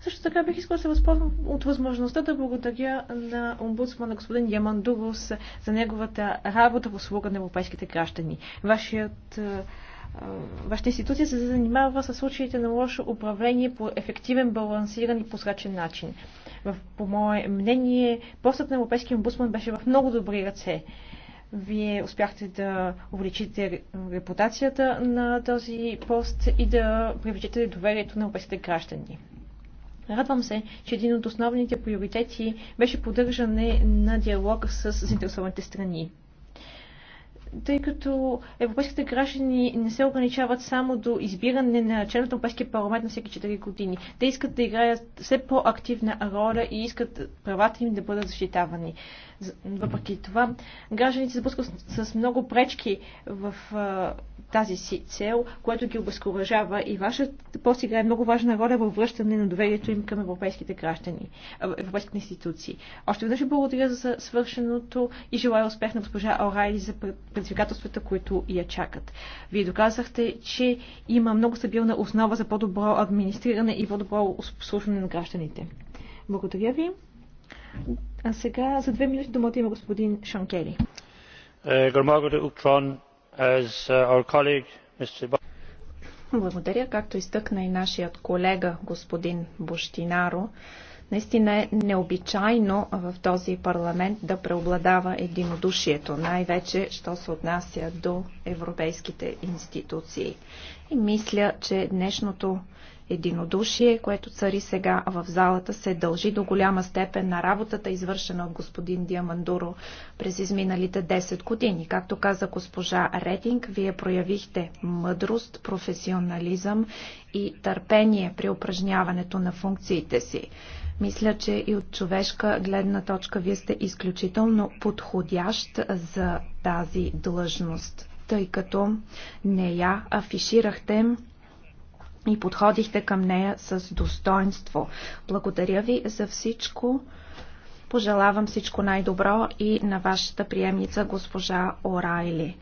Също така бих искала да се възползвам от възможността да благодаря на омбудсмана господин Яман Ямандурус за неговата работа в услуга на европейските граждани. Вашият Вашата институция се занимава с случаите на лошо управление по ефективен, балансиран и посрачен начин. В, по мое мнение, постът на Европейския омбудсман беше в много добри ръце. Вие успяхте да увеличите репутацията на този пост и да привлечете доверието на обесите граждани. Радвам се, че един от основните приоритети беше поддържане на диалог с заинтересованите страни тъй като европейските граждани не се ограничават само до избиране на член от Европейския парламент на всеки 4 години. Те искат да играят все по-активна роля и искат правата им да бъдат защитавани. Въпреки това, гражданите се сблъскват с много пречки в а, тази си цел, което ги обезкуражава и вашата пост играе много важна роля във връщане на доверието им към европейските граждани, европейските институции. Още веднъж благодаря за свършеното и желая успех на госпожа Орайли за пред предизвикателствата, които я чакат. Вие доказахте, че има много стабилна основа за по-добро администриране и по-добро обслужване на гражданите. Благодаря ви. А сега за две минути думата има господин Шанкели. Е, е, Благодаря, както изтъкна и нашият колега господин Бощинаро. Наистина е необичайно в този парламент да преобладава единодушието, най-вече, що се отнася до европейските институции. И мисля, че днешното единодушие, което цари сега в залата, се дължи до голяма степен на работата, извършена от господин Диамандуро през изминалите 10 години. Както каза госпожа Рединг, вие проявихте мъдрост, професионализъм и търпение при упражняването на функциите си. Мисля, че и от човешка гледна точка вие сте изключително подходящ за тази длъжност, тъй като не я афиширахте и подходихте към нея с достоинство. Благодаря ви за всичко. Пожелавам всичко най-добро и на вашата приемница госпожа Орайли.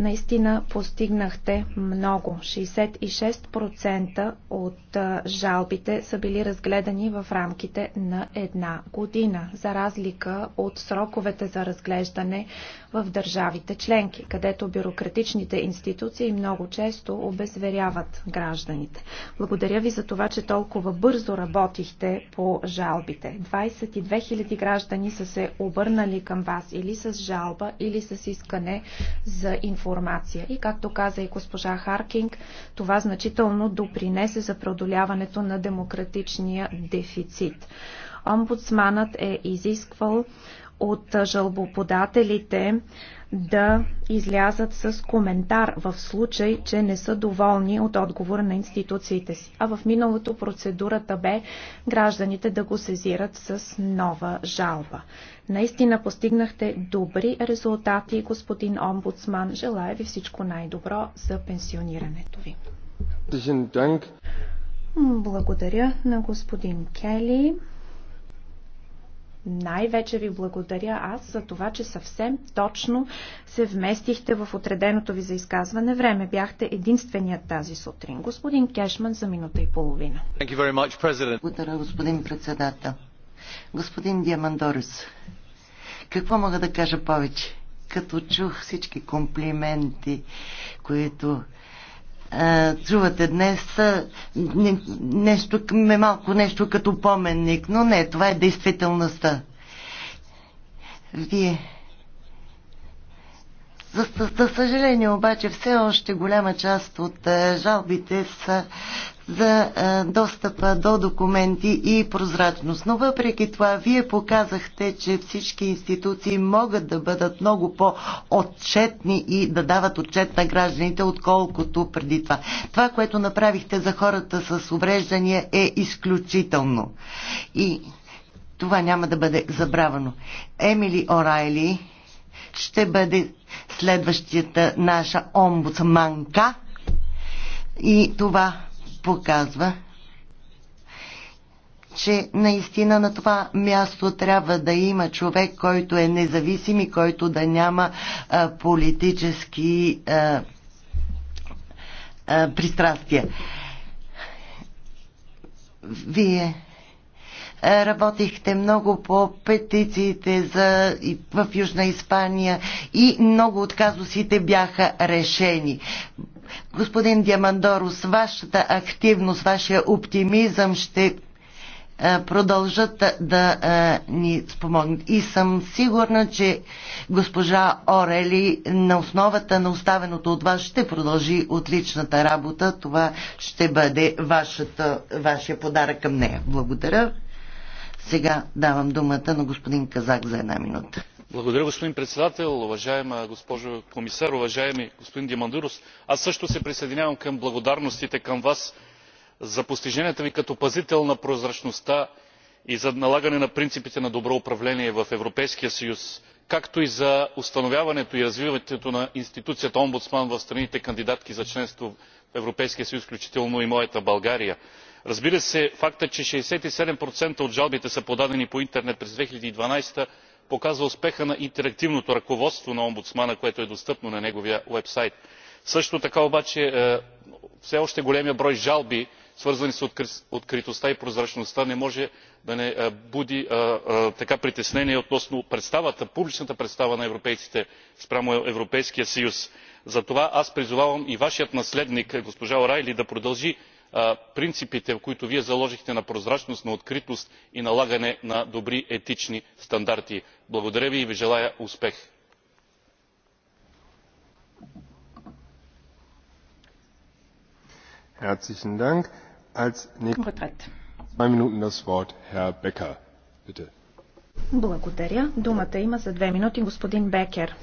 Наистина постигнахте много. 66% от жалбите са били разгледани в рамките на една година, за разлика от сроковете за разглеждане в държавите членки, където бюрократичните институции много често обезверяват гражданите. Благодаря ви за това, че толкова бързо работихте по жалбите. 22 000 граждани са се обърнали към вас или с жалба, или с искане за информация информация. И както каза и госпожа Харкинг, това значително допринесе за преодоляването на демократичния дефицит. Омбудсманът е изисквал от жалбоподателите да излязат с коментар в случай, че не са доволни от отговора на институциите си. А в миналото процедурата бе гражданите да го сезират с нова жалба. Наистина постигнахте добри резултати, господин омбудсман. Желая ви всичко най-добро за пенсионирането ви. Благодаря на господин Кели. Най-вече ви благодаря аз за това, че съвсем точно се вместихте в отреденото ви за изказване време. Бяхте единственият тази сутрин. Господин Кешман за минута и половина. Much, благодаря, господин председател. Господин Диамандорис, какво мога да кажа повече? Като чух всички комплименти, които е, чувате днес е, нещо, малко нещо като поменник, но не, това е действителността. Вие. За, за, за съжаление обаче все още голяма част от е, жалбите са за е, достъпа до документи и прозрачност. Но въпреки това, вие показахте, че всички институции могат да бъдат много по-отчетни и да дават отчет на гражданите, отколкото преди това. Това, което направихте за хората с увреждания е изключително. И това няма да бъде забравено. Емили Орайли ще бъде следващата наша омбудсманка и това показва, че наистина на това място трябва да има човек, който е независим и който да няма а, политически а, а, пристрастия. Вие работихте много по петициите за, в Южна Испания и много от казусите бяха решени. Господин Диамандорос, вашата активност, вашия оптимизъм ще е, продължат да е, ни спомогнат. И съм сигурна, че госпожа Орели на основата на оставеното от вас ще продължи отличната работа. Това ще бъде вашата, вашия подарък към нея. Благодаря. Сега давам думата на господин Казак за една минута господин председател уважаема госпожо комисар уважаеми господин диамандурос аз също се присъединявам към благодарностите към вас за постиженията ви като пазител на прозрачността и за налагане на принципите на добро управление в европейския съюз както и за установяването и развиването на институцията омбудсман в страните кандидатки за членство в европейския съюз включително и моята българия. разбира се фактът че шестдесет и седем от жалбите са подадени по интернет през две хиляди и дванадесета показва успеха на интерактивното ръководство на омбудсмана което е достъпно на неговия уебсайт. също така обаче е, все още големият брой жалби свързани с откритостта и прозрачността не може да не е, буди е, притеснение относно публичната представа на европейците спрямо европейския съюз. затова аз призовавам и вашият наследник госпожа о'райли да продължи принципите които вие заложихте на прозрачност на откритост и налагане на добри етични стандарти. благодаря ви и ви желая успех! Думата има за две минути господин Бекер.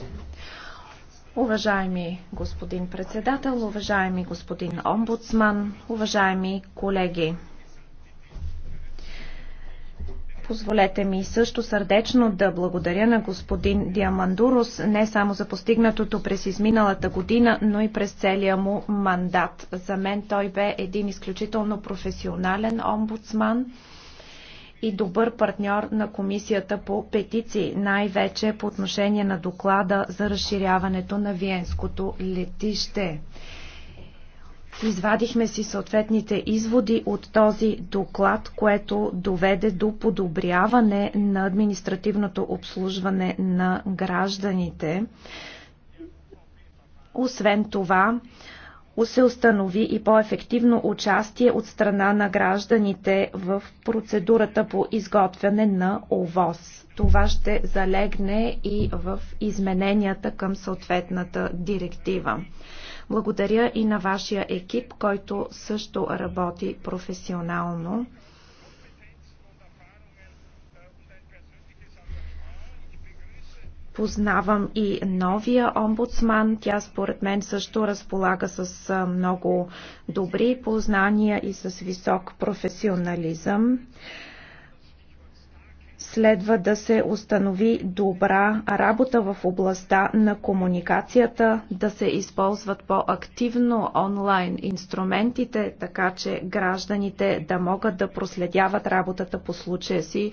Уважаеми господин председател, уважаеми господин омбудсман, уважаеми колеги. Позволете ми също сърдечно да благодаря на господин Диамандурус не само за постигнатото през изминалата година, но и през целия му мандат. За мен той бе един изключително професионален омбудсман и добър партньор на Комисията по петиции, най-вече по отношение на доклада за разширяването на Виенското летище. Извадихме си съответните изводи от този доклад, което доведе до подобряване на административното обслужване на гражданите. Освен това, се установи и по-ефективно участие от страна на гражданите в процедурата по изготвяне на ОВОС. Това ще залегне и в измененията към съответната директива. Благодаря и на вашия екип, който също работи професионално. Познавам и новия омбудсман. Тя според мен също разполага с много добри познания и с висок професионализъм. Следва да се установи добра работа в областта на комуникацията, да се използват по-активно онлайн инструментите, така че гражданите да могат да проследяват работата по случая си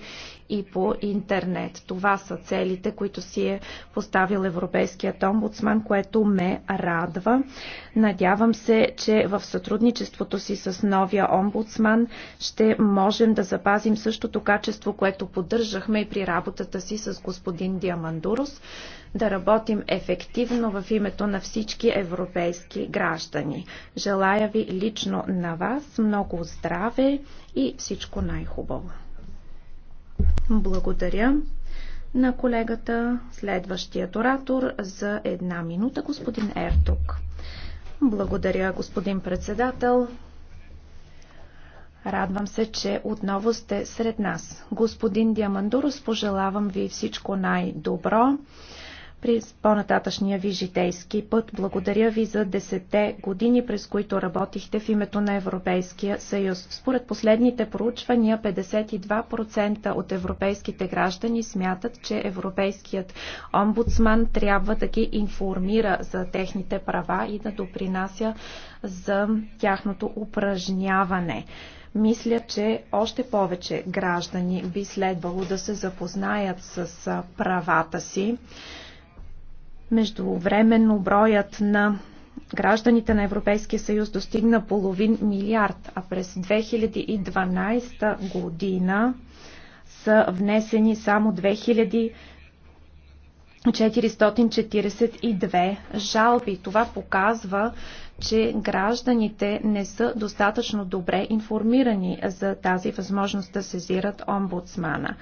и по интернет. Това са целите, които си е поставил Европейският омбудсман, което ме радва. Надявам се, че в сътрудничеството си с новия омбудсман ще можем да запазим същото качество, което поддържаме поддържахме и при работата си с господин Диамандурус, да работим ефективно в името на всички европейски граждани. Желая ви лично на вас много здраве и всичко най-хубаво. Благодаря на колегата, следващият оратор за една минута, господин Ертук. Благодаря, господин председател. Радвам се, че отново сте сред нас. Господин Диамандурос, пожелавам ви всичко най-добро при по-нататъчния ви житейски път. Благодаря ви за десете години, през които работихте в името на Европейския съюз. Според последните проучвания, 52% от европейските граждани смятат, че Европейският омбудсман трябва да ги информира за техните права и да допринася за тяхното упражняване. Мисля, че още повече граждани би следвало да се запознаят с правата си. Междувременно броят на гражданите на Европейския съюз достигна половин милиард, а през 2012 година са внесени само 2442 жалби. Това показва, че гражданите не са достатъчно добре информирани за тази възможност да сезират омбудсмана.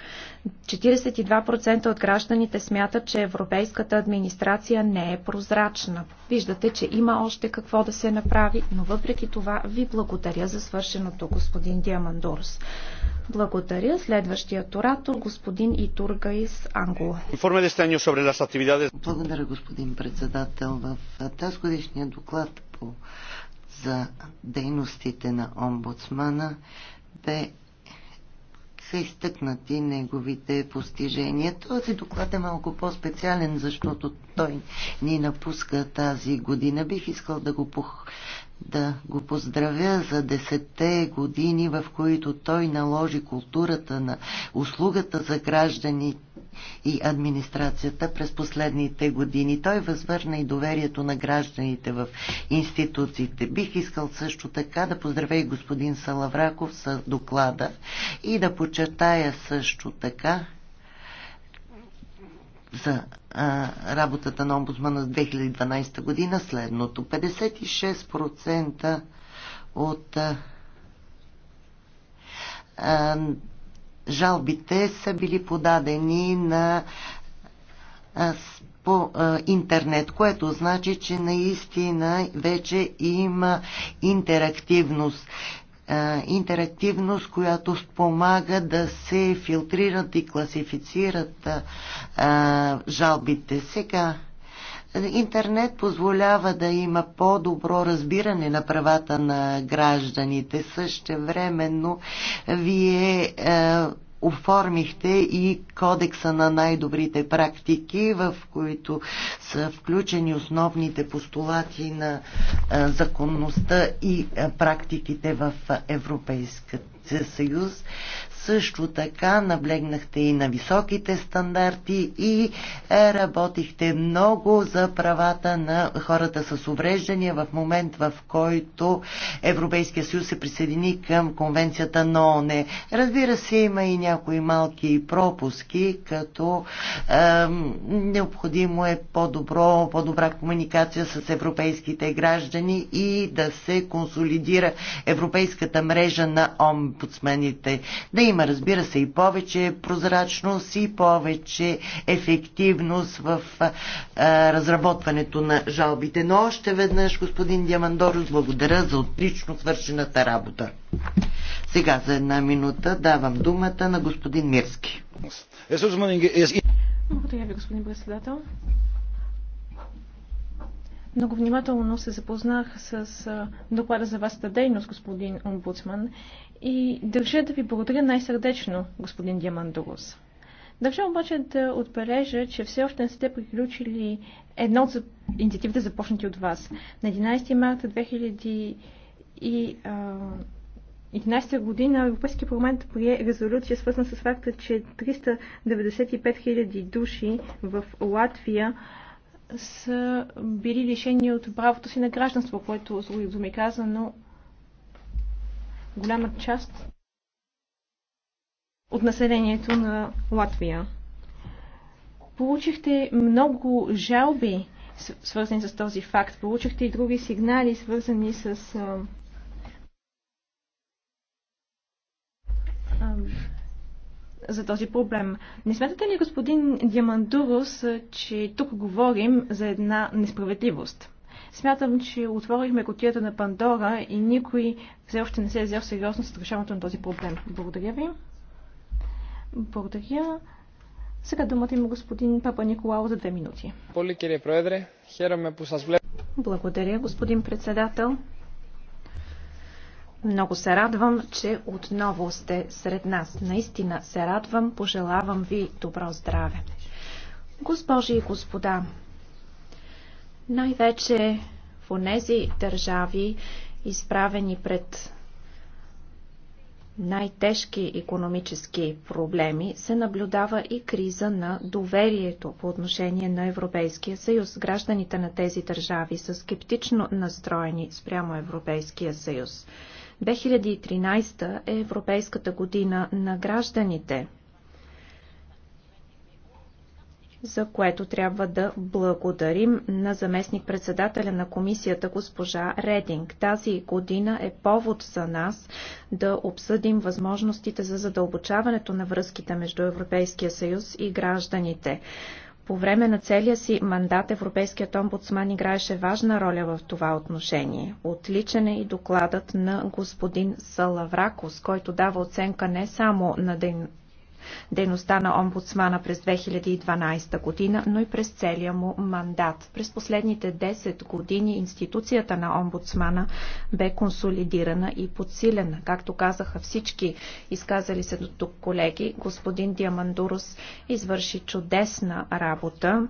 42% от гражданите смятат, че европейската администрация не е прозрачна. Виждате, че има още какво да се направи, но въпреки това ви благодаря за свършеното, господин Диамандурс. Благодаря. Следващият оратор, господин Итургайс Ангула. Благодаря, господин председател. В тази годишния доклад по, за дейностите на омбудсмана бе са изтъкнати неговите постижения. Този доклад е малко по-специален, защото той ни напуска тази година. Бих искал да го, пох... да го поздравя за десетте години, в които той наложи културата на услугата за гражданите и администрацията през последните години. Той възвърна и доверието на гражданите в институциите. Бих искал също така да поздравя и господин Салавраков с доклада и да почертая също така за работата на омбудсмана в 2012 година следното. 56% от а, жалбите са били подадени на по интернет, което значи, че наистина вече има интерактивност. Интерактивност, която спомага да се филтрират и класифицират жалбите. Сега Интернет позволява да има по-добро разбиране на правата на гражданите. Същевременно вие е, оформихте и кодекса на най-добрите практики, в които са включени основните постулати на е, законността и е, практиките в Европейската Съюз. Също така наблегнахте и на високите стандарти и е, работихте много за правата на хората с увреждания в момент, в който Европейския съюз се присъедини към конвенцията на ОНЕ. Разбира се, има и някои малки пропуски, като е, необходимо е по-добро, по-добра комуникация с европейските граждани и да се консолидира европейската мрежа на омбудсмените. Да има, разбира се, и повече прозрачност, и повече ефективност в а, разработването на жалбите. Но още веднъж, господин Диамандорус, благодаря за отлично свършената работа. Сега за една минута давам думата на господин Мирски. Благодаря ви, господин председател. Много внимателно се запознах с доклада за вашата дейност, господин омбудсман, и държа да ви благодаря най-сърдечно, господин Диамандурус. Държа обаче да отбележа, че все още не сте приключили едно от инициативите, започнати от вас. На 11 марта 2000 и а, 2011 година Европейския парламент прие резолюция, свързана с факта, че 395 000 души в Латвия са били лишени от правото си на гражданство, което, злоизуми казано, голяма част от населението на Латвия. Получихте много жалби, свързани с този факт. Получихте и други сигнали, свързани с за този проблем. Не смятате ли, господин Диамандурус, че тук говорим за една несправедливост? Смятам, че отворихме котията на Пандора и никой все още не се е взел сериозно с решаването на този проблем. Благодаря ви. Благодаря. Сега думата има господин Папа Николао за две минути. Благодаря, господин председател. Много се радвам, че отново сте сред нас. Наистина се радвам, пожелавам ви добро здраве. Госпожи и господа, най-вече в онези държави, изправени пред най-тежки економически проблеми, се наблюдава и криза на доверието по отношение на Европейския съюз. Гражданите на тези държави са скептично настроени спрямо Европейския съюз. 2013 е Европейската година на гражданите – за което трябва да благодарим на заместник-председателя на комисията госпожа Рединг. Тази година е повод за нас да обсъдим възможностите за задълбочаването на връзките между Европейския съюз и гражданите. По време на целия си мандат Европейският омбудсман играеше важна роля в това отношение. Отличен е и докладът на господин Салавракос, който дава оценка не само на, ден дейността на омбудсмана през 2012 година, но и през целия му мандат. През последните 10 години институцията на омбудсмана бе консолидирана и подсилена. Както казаха всички изказали се до тук колеги, господин Диамандурус извърши чудесна работа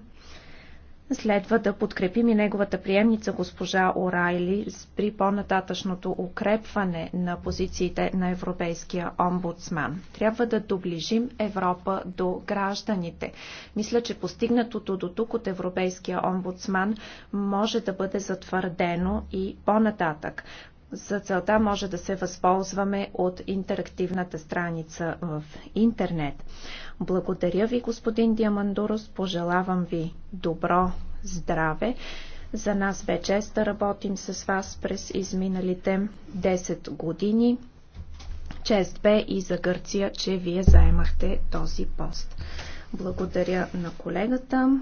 Следва да подкрепим и неговата приемница госпожа Орайли при по-нататъчното укрепване на позициите на Европейския омбудсман. Трябва да доближим Европа до гражданите. Мисля, че постигнатото до тук от Европейския омбудсман може да бъде затвърдено и по-нататък. За целта може да се възползваме от интерактивната страница в интернет. Благодаря ви, господин Диамандорос, Пожелавам ви добро здраве. За нас бе чест да работим с вас през изминалите 10 години. Чест бе и за Гърция, че вие заемахте този пост. Благодаря на колегата.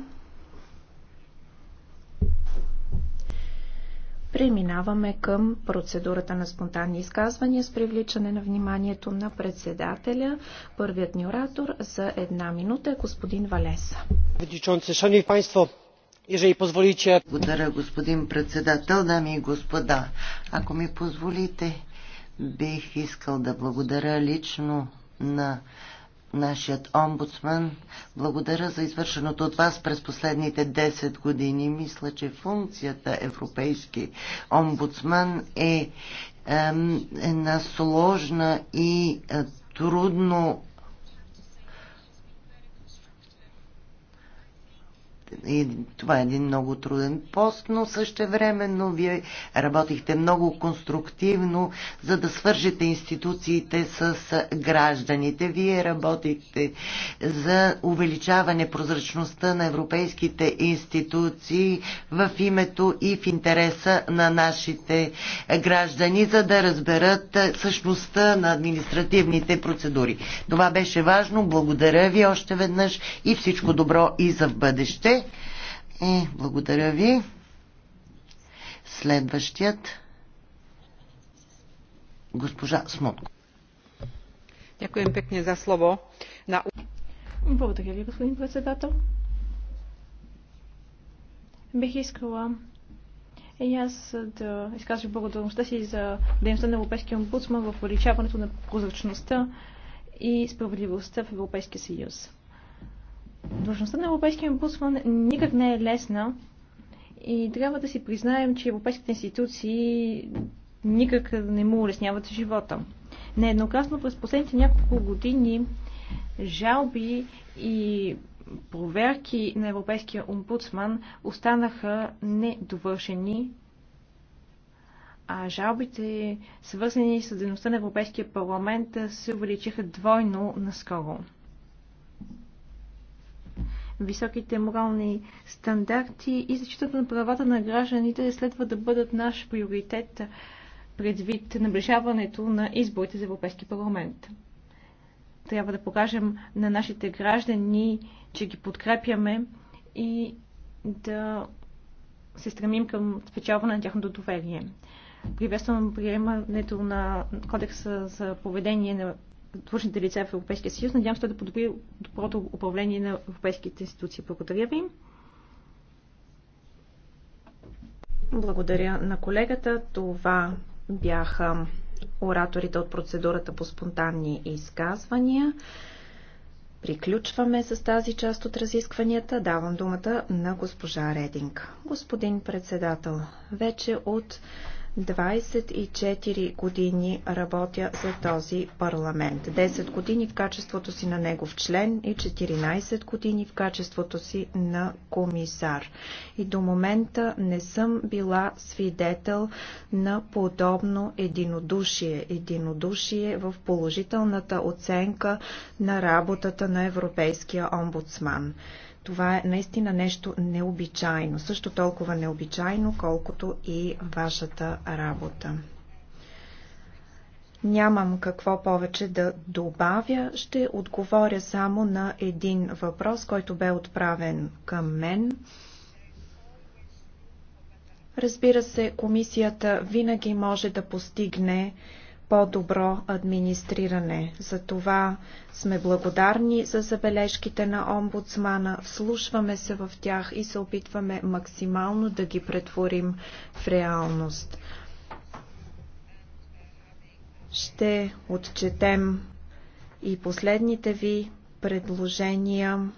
Преминаваме към процедурата на спонтанни изказвания с привличане на вниманието на председателя. Първият ни оратор за една минута е господин Валеса. Благодаря, господин председател, дами и господа. Ако ми позволите, бих искал да благодаря лично на нашият омбудсман. Благодаря за извършеното от вас през последните 10 години. Мисля, че функцията европейски омбудсман е една е сложна и е, трудно и това е един много труден пост, но също времено вие работихте много конструктивно, за да свържете институциите с гражданите. Вие работихте за увеличаване прозрачността на европейските институции в името и в интереса на нашите граждани, за да разберат същността на административните процедури. Това беше важно. Благодаря ви още веднъж и всичко добро и за в бъдеще. Е, благодаря ви. Следващият госпожа Смотко. Дякуем пекне за слово. На... Благодаря ви, господин председател. Бих искала и аз да изкажа благодарността си за дейността на Европейския омбудсман в увеличаването на прозрачността и справедливостта в Европейския съюз. Длъжността на Европейския омбудсман никак не е лесна и трябва да си признаем, че европейските институции никак не му улесняват живота. Нееднократно през последните няколко години жалби и проверки на Европейския омбудсман останаха недовършени, а жалбите, свързани с дейността на Европейския парламент, се увеличиха двойно наскоро високите морални стандарти и защитата на правата на гражданите следва да бъдат наш приоритет предвид наближаването на изборите за Европейски парламент. Трябва да покажем на нашите граждани, че ги подкрепяме и да се стремим към спечелване на тяхното доверие. Приветствам приемането на кодекса за поведение на длъжните лица в Европейския съюз. Надявам се да подобри доброто управление на европейските институции. Благодаря ви. Благодаря на колегата. Това бяха ораторите от процедурата по спонтанни изказвания. Приключваме с тази част от разискванията. Давам думата на госпожа Рединг. Господин председател, вече от 24 години работя за този парламент. 10 години в качеството си на негов член и 14 години в качеството си на комисар. И до момента не съм била свидетел на подобно единодушие. Единодушие в положителната оценка на работата на Европейския омбудсман. Това е наистина нещо необичайно, също толкова необичайно, колкото и вашата работа. Нямам какво повече да добавя, ще отговоря само на един въпрос, който бе отправен към мен. Разбира се, комисията винаги може да постигне по-добро администриране. За това сме благодарни за забележките на омбудсмана, вслушваме се в тях и се опитваме максимално да ги претворим в реалност. Ще отчетем и последните ви предложения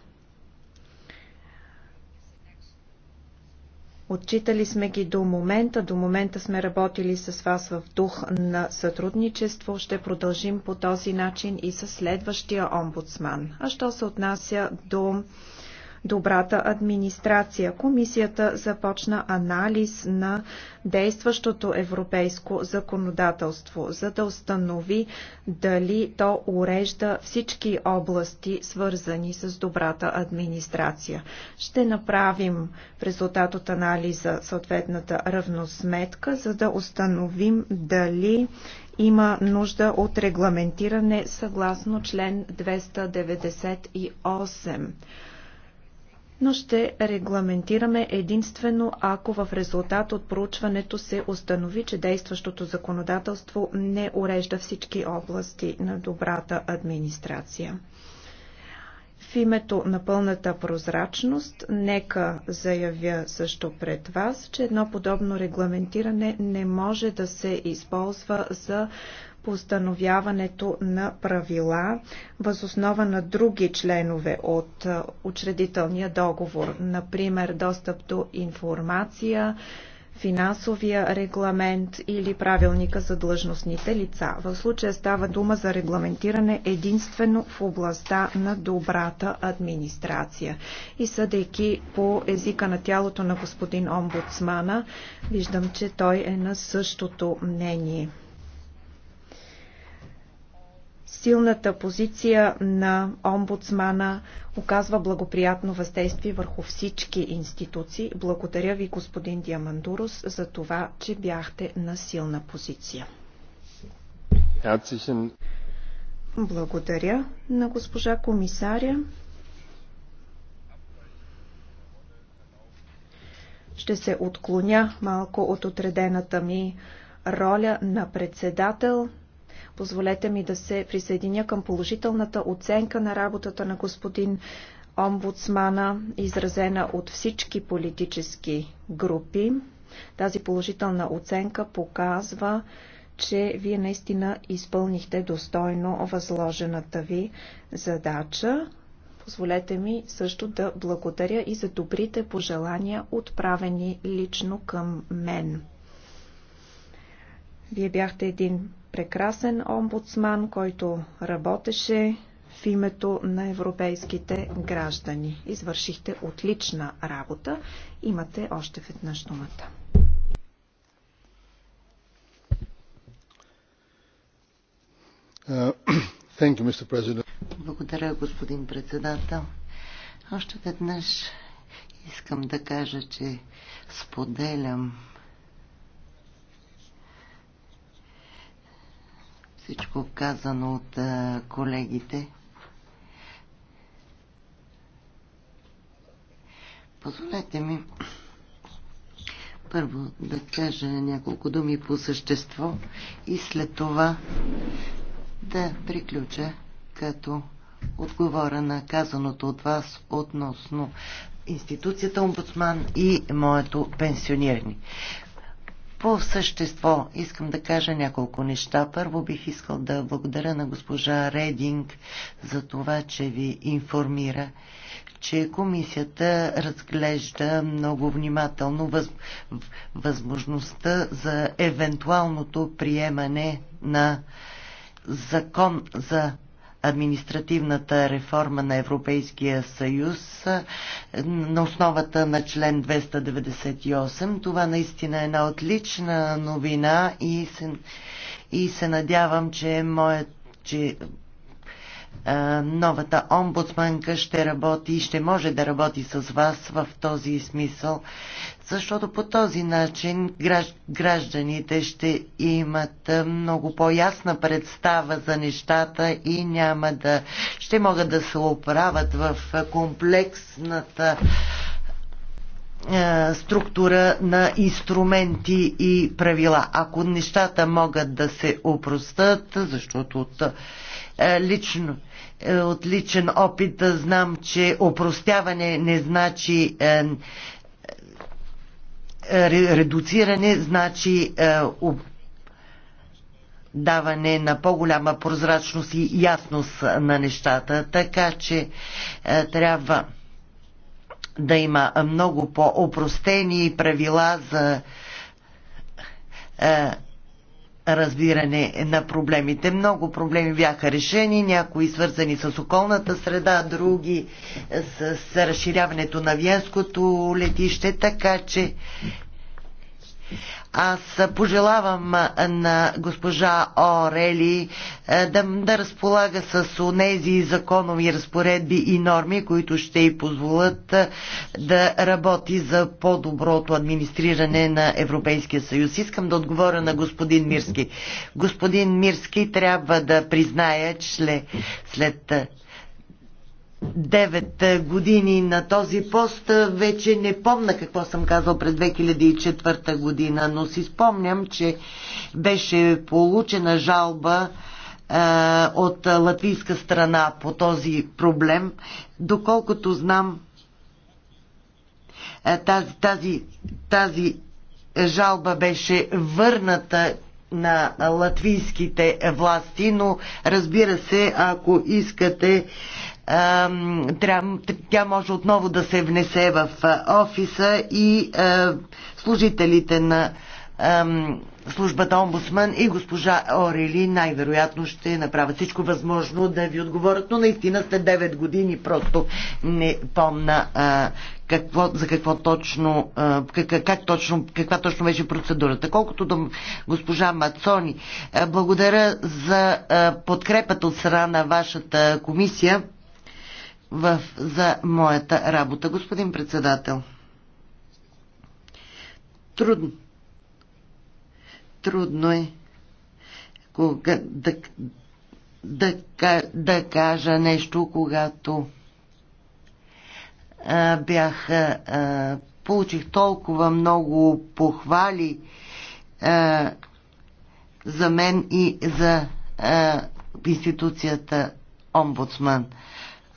Отчитали сме ги до момента. До момента сме работили с вас в дух на сътрудничество. Ще продължим по този начин и със следващия омбудсман. А що се отнася до добрата администрация. Комисията започна анализ на действащото европейско законодателство, за да установи дали то урежда всички области, свързани с добрата администрация. Ще направим в резултат от анализа съответната равносметка, за да установим дали има нужда от регламентиране съгласно член 298 но ще регламентираме единствено ако в резултат от проучването се установи, че действащото законодателство не урежда всички области на добрата администрация. В името на пълната прозрачност, нека заявя също пред вас, че едно подобно регламентиране не може да се използва за по установяването на правила възоснова на други членове от учредителния договор, например достъп до информация, финансовия регламент или правилника за длъжностните лица. В случая става дума за регламентиране единствено в областта на добрата администрация. И съдейки по езика на тялото на господин омбудсмана, виждам, че той е на същото мнение. Силната позиция на омбудсмана оказва благоприятно въздействие върху всички институции. Благодаря ви, господин Диамандурус, за това, че бяхте на силна позиция. Благодаря на госпожа комисаря. Ще се отклоня малко от отредената ми роля на председател Позволете ми да се присъединя към положителната оценка на работата на господин омбудсмана, изразена от всички политически групи. Тази положителна оценка показва, че вие наистина изпълнихте достойно възложената ви задача. Позволете ми също да благодаря и за добрите пожелания, отправени лично към мен. Вие бяхте един прекрасен омбудсман, който работеше в името на европейските граждани. Извършихте отлична работа. Имате още веднъж думата. Uh, you, Благодаря, господин председател. Още веднъж искам да кажа, че споделям всичко казано от колегите. Позволете ми първо да кажа няколко думи по същество и след това да приключа като отговора на казаното от вас относно институцията омбудсман и моето пенсиониране. По същество искам да кажа няколко неща. Първо бих искал да благодаря на госпожа Рединг за това, че ви информира, че комисията разглежда много внимателно въз... възможността за евентуалното приемане на закон за административната реформа на Европейския съюз на основата на член 298. Това наистина е една отлична новина и се, и се надявам, че моят че е, новата омбудсманка ще работи и ще може да работи с вас в този смисъл, защото по този начин гражданите ще имат е, много по-ясна представа за нещата и няма да ще могат да се оправят в комплексната е, структура на инструменти и правила. Ако нещата могат да се опростат, защото от е, лично е, от личен опит знам, че опростяване не значи е, редуциране, значи даване на по-голяма прозрачност и ясност на нещата. Така че трябва да има много по-опростени правила за разбиране на проблемите. Много проблеми бяха решени, някои свързани с околната среда, други с, с разширяването на Виенското летище, така че аз пожелавам на госпожа Орели е, да, да разполага с онези законови разпоредби и норми, които ще й позволят е, да работи за по-доброто администриране на Европейския съюз. Искам да отговоря на господин Мирски. Господин Мирски трябва да призная, че след 9 е, години на този пост. Вече не помна какво съм казал през 2004 година, но си спомням, че беше получена жалба е, от латвийска страна по този проблем. Доколкото знам, е, тази, тази, тази жалба беше върната на латвийските власти, но разбира се, ако искате, тя може отново да се внесе в е, офиса и служителите на службата омбудсман и госпожа Орели най-вероятно ще направят всичко възможно да ви отговорят, но наистина сте 9 години просто не помна а, какво, за какво точно, а, как, как точно, каква точно беше процедурата. Колкото до госпожа Мацони, а, благодаря за а, подкрепата от страна на вашата комисия в, за моята работа. Господин председател, трудно трудно е кога, да, да, да кажа нещо, когато а, бях, а, получих толкова много похвали а, за мен и за а, институцията омбудсман.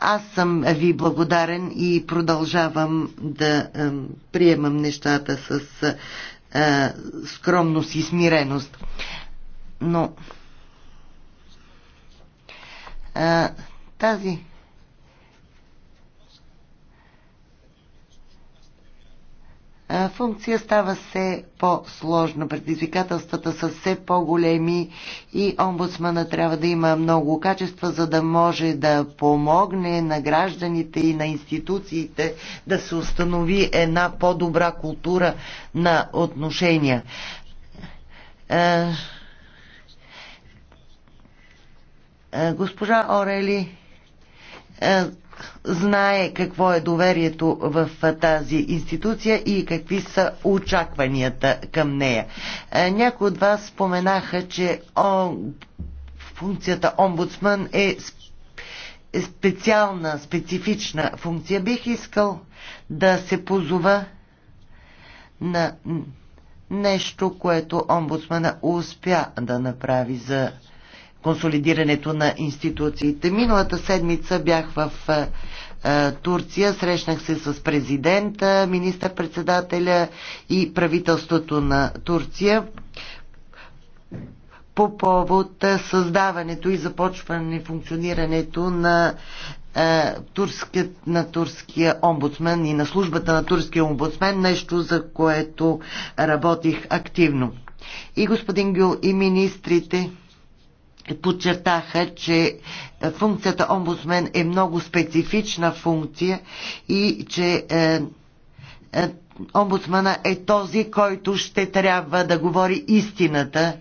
Аз съм ви благодарен и продължавам да а, приемам нещата с е, скромност и смиреност. Но е, тази функция става все по сложна Предизвикателствата са все по-големи и омбудсмана трябва да има много качества, за да може да помогне на гражданите и на институциите да се установи една по-добра култура на отношения. Госпожа Орели знае какво е доверието в тази институция и какви са очакванията към нея. Някои от вас споменаха, че функцията омбудсман е, е специална, специфична функция. Бих искал да се позова на нещо, което омбудсмана успя да направи за консолидирането на институциите. Миналата седмица бях в Турция, срещнах се с президента, министър-председателя и правителството на Турция по повод създаването и започване функционирането на на турския омбудсмен и на службата на турския омбудсмен, нещо за което работих активно. И господин Гюл, и министрите подчертаха, че е, функцията омбудсмен е много специфична функция и че е, е, омбудсмана е този, който ще трябва да говори истината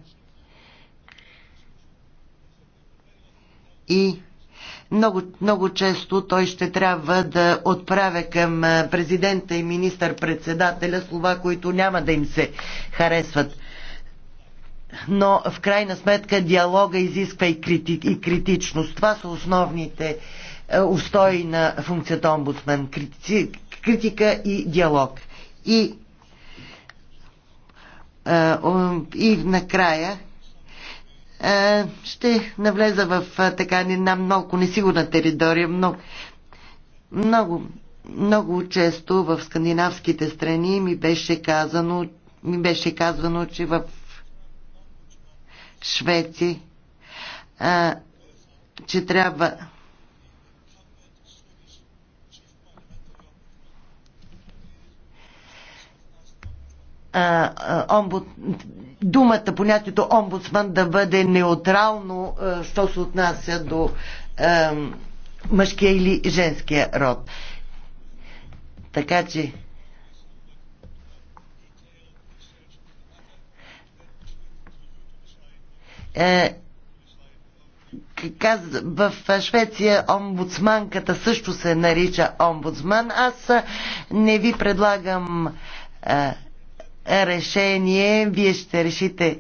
и много, много често той ще трябва да отправя към е, президента и министър-председателя слова, които няма да им се харесват но в крайна сметка диалога изисква и, крити, и критичност. Това са основните е, устои на функцията омбудсмен. Крити, критика и диалог. И, е, и накрая е, ще навлеза в така една много несигурна територия. Много, много, много често в скандинавските страни ми беше казано, ми беше казвано, че в швеци, а, че трябва омбуд, думата, понятието омбудсман да бъде неутрално, що се отнася до а, мъжкия или женския род. Така че Е, в Швеция омбудсманката също се нарича омбудсман. Аз не ви предлагам е, решение. Вие ще решите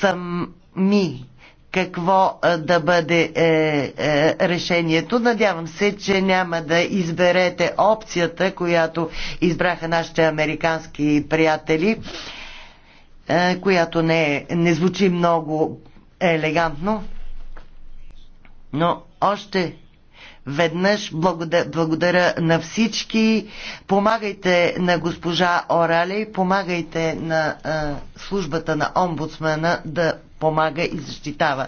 сами какво е, да бъде е, е, решението. Надявам се, че няма да изберете опцията, която избраха нашите американски приятели. Е, е, която не, е, не звучи много елегантно, но още веднъж благодаря на всички. Помагайте на госпожа Орали, помагайте на а, е, службата на омбудсмена да помага и защитава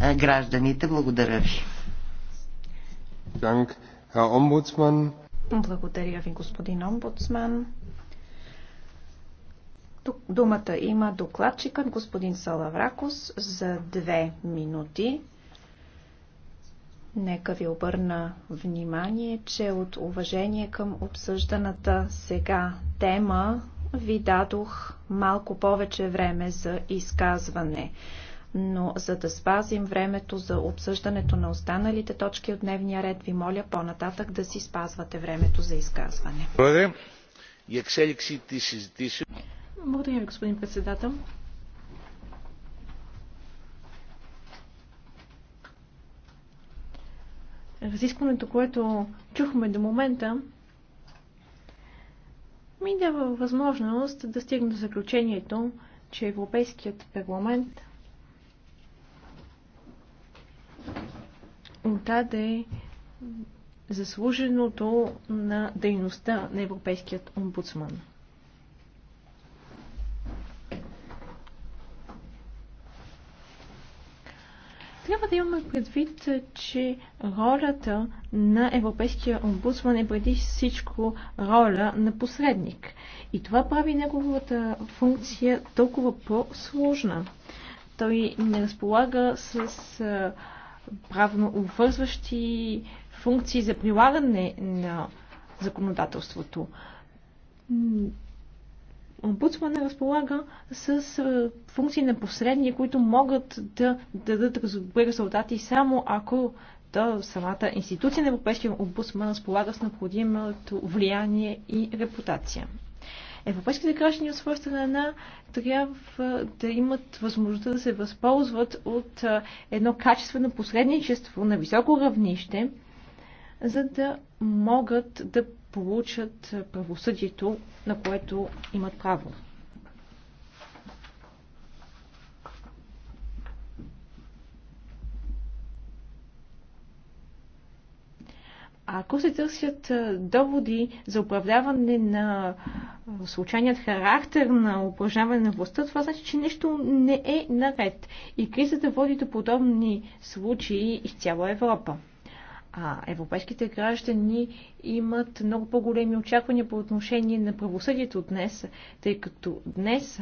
а, е, гражданите. Благодаря ви. Благодаря ви, господин омбудсман. Тук думата има докладчикът господин Салавракос за две минути. Нека ви обърна внимание, че от уважение към обсъжданата сега тема ви дадох малко повече време за изказване. Но за да спазим времето за обсъждането на останалите точки от дневния ред, ви моля по-нататък да си спазвате времето за изказване. Благодаря ви, господин председател. Разискването, което чухме до момента, ми дава възможност да стигна до заключението, че Европейският парламент отдаде заслуженото на дейността на Европейският омбудсман. Трябва да имаме предвид, че ролята на европейския омбудсман е преди всичко роля на посредник. И това прави неговата функция толкова по-сложна. Той не разполага с правно обвързващи функции за прилагане на законодателството Омбудсмана разполага с функции на посредни, които могат да дадат добри резултати само ако да, самата институция на Европейския омбудсман разполага с необходимото влияние и репутация. Европейските граждани от своя страна трябва да имат възможността да се възползват от едно качествено посредничество на високо равнище, за да могат да получат правосъдието, на което имат право. Ако се търсят доводи за управляване на случайният характер на упражняване на властта, това значи, че нещо не е наред. И кризата води до подобни случаи из цяла Европа. А европейските граждани имат много по-големи очаквания по отношение на правосъдието днес, тъй като днес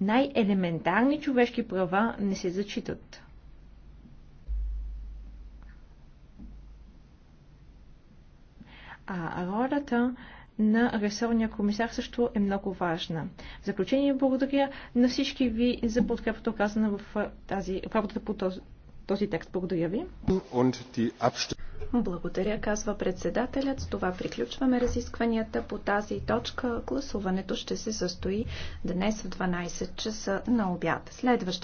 най-елементарни човешки права не се зачитат. А ролята на ресорния комисар също е много важна. В заключение благодаря на всички ви за подкрепата, оказана в тази работата по този, този текст. Благодаря ви. Благодаря, казва председателят. С това приключваме разискванията по тази точка. Гласуването ще се състои днес в 12 часа на обяд. Следващата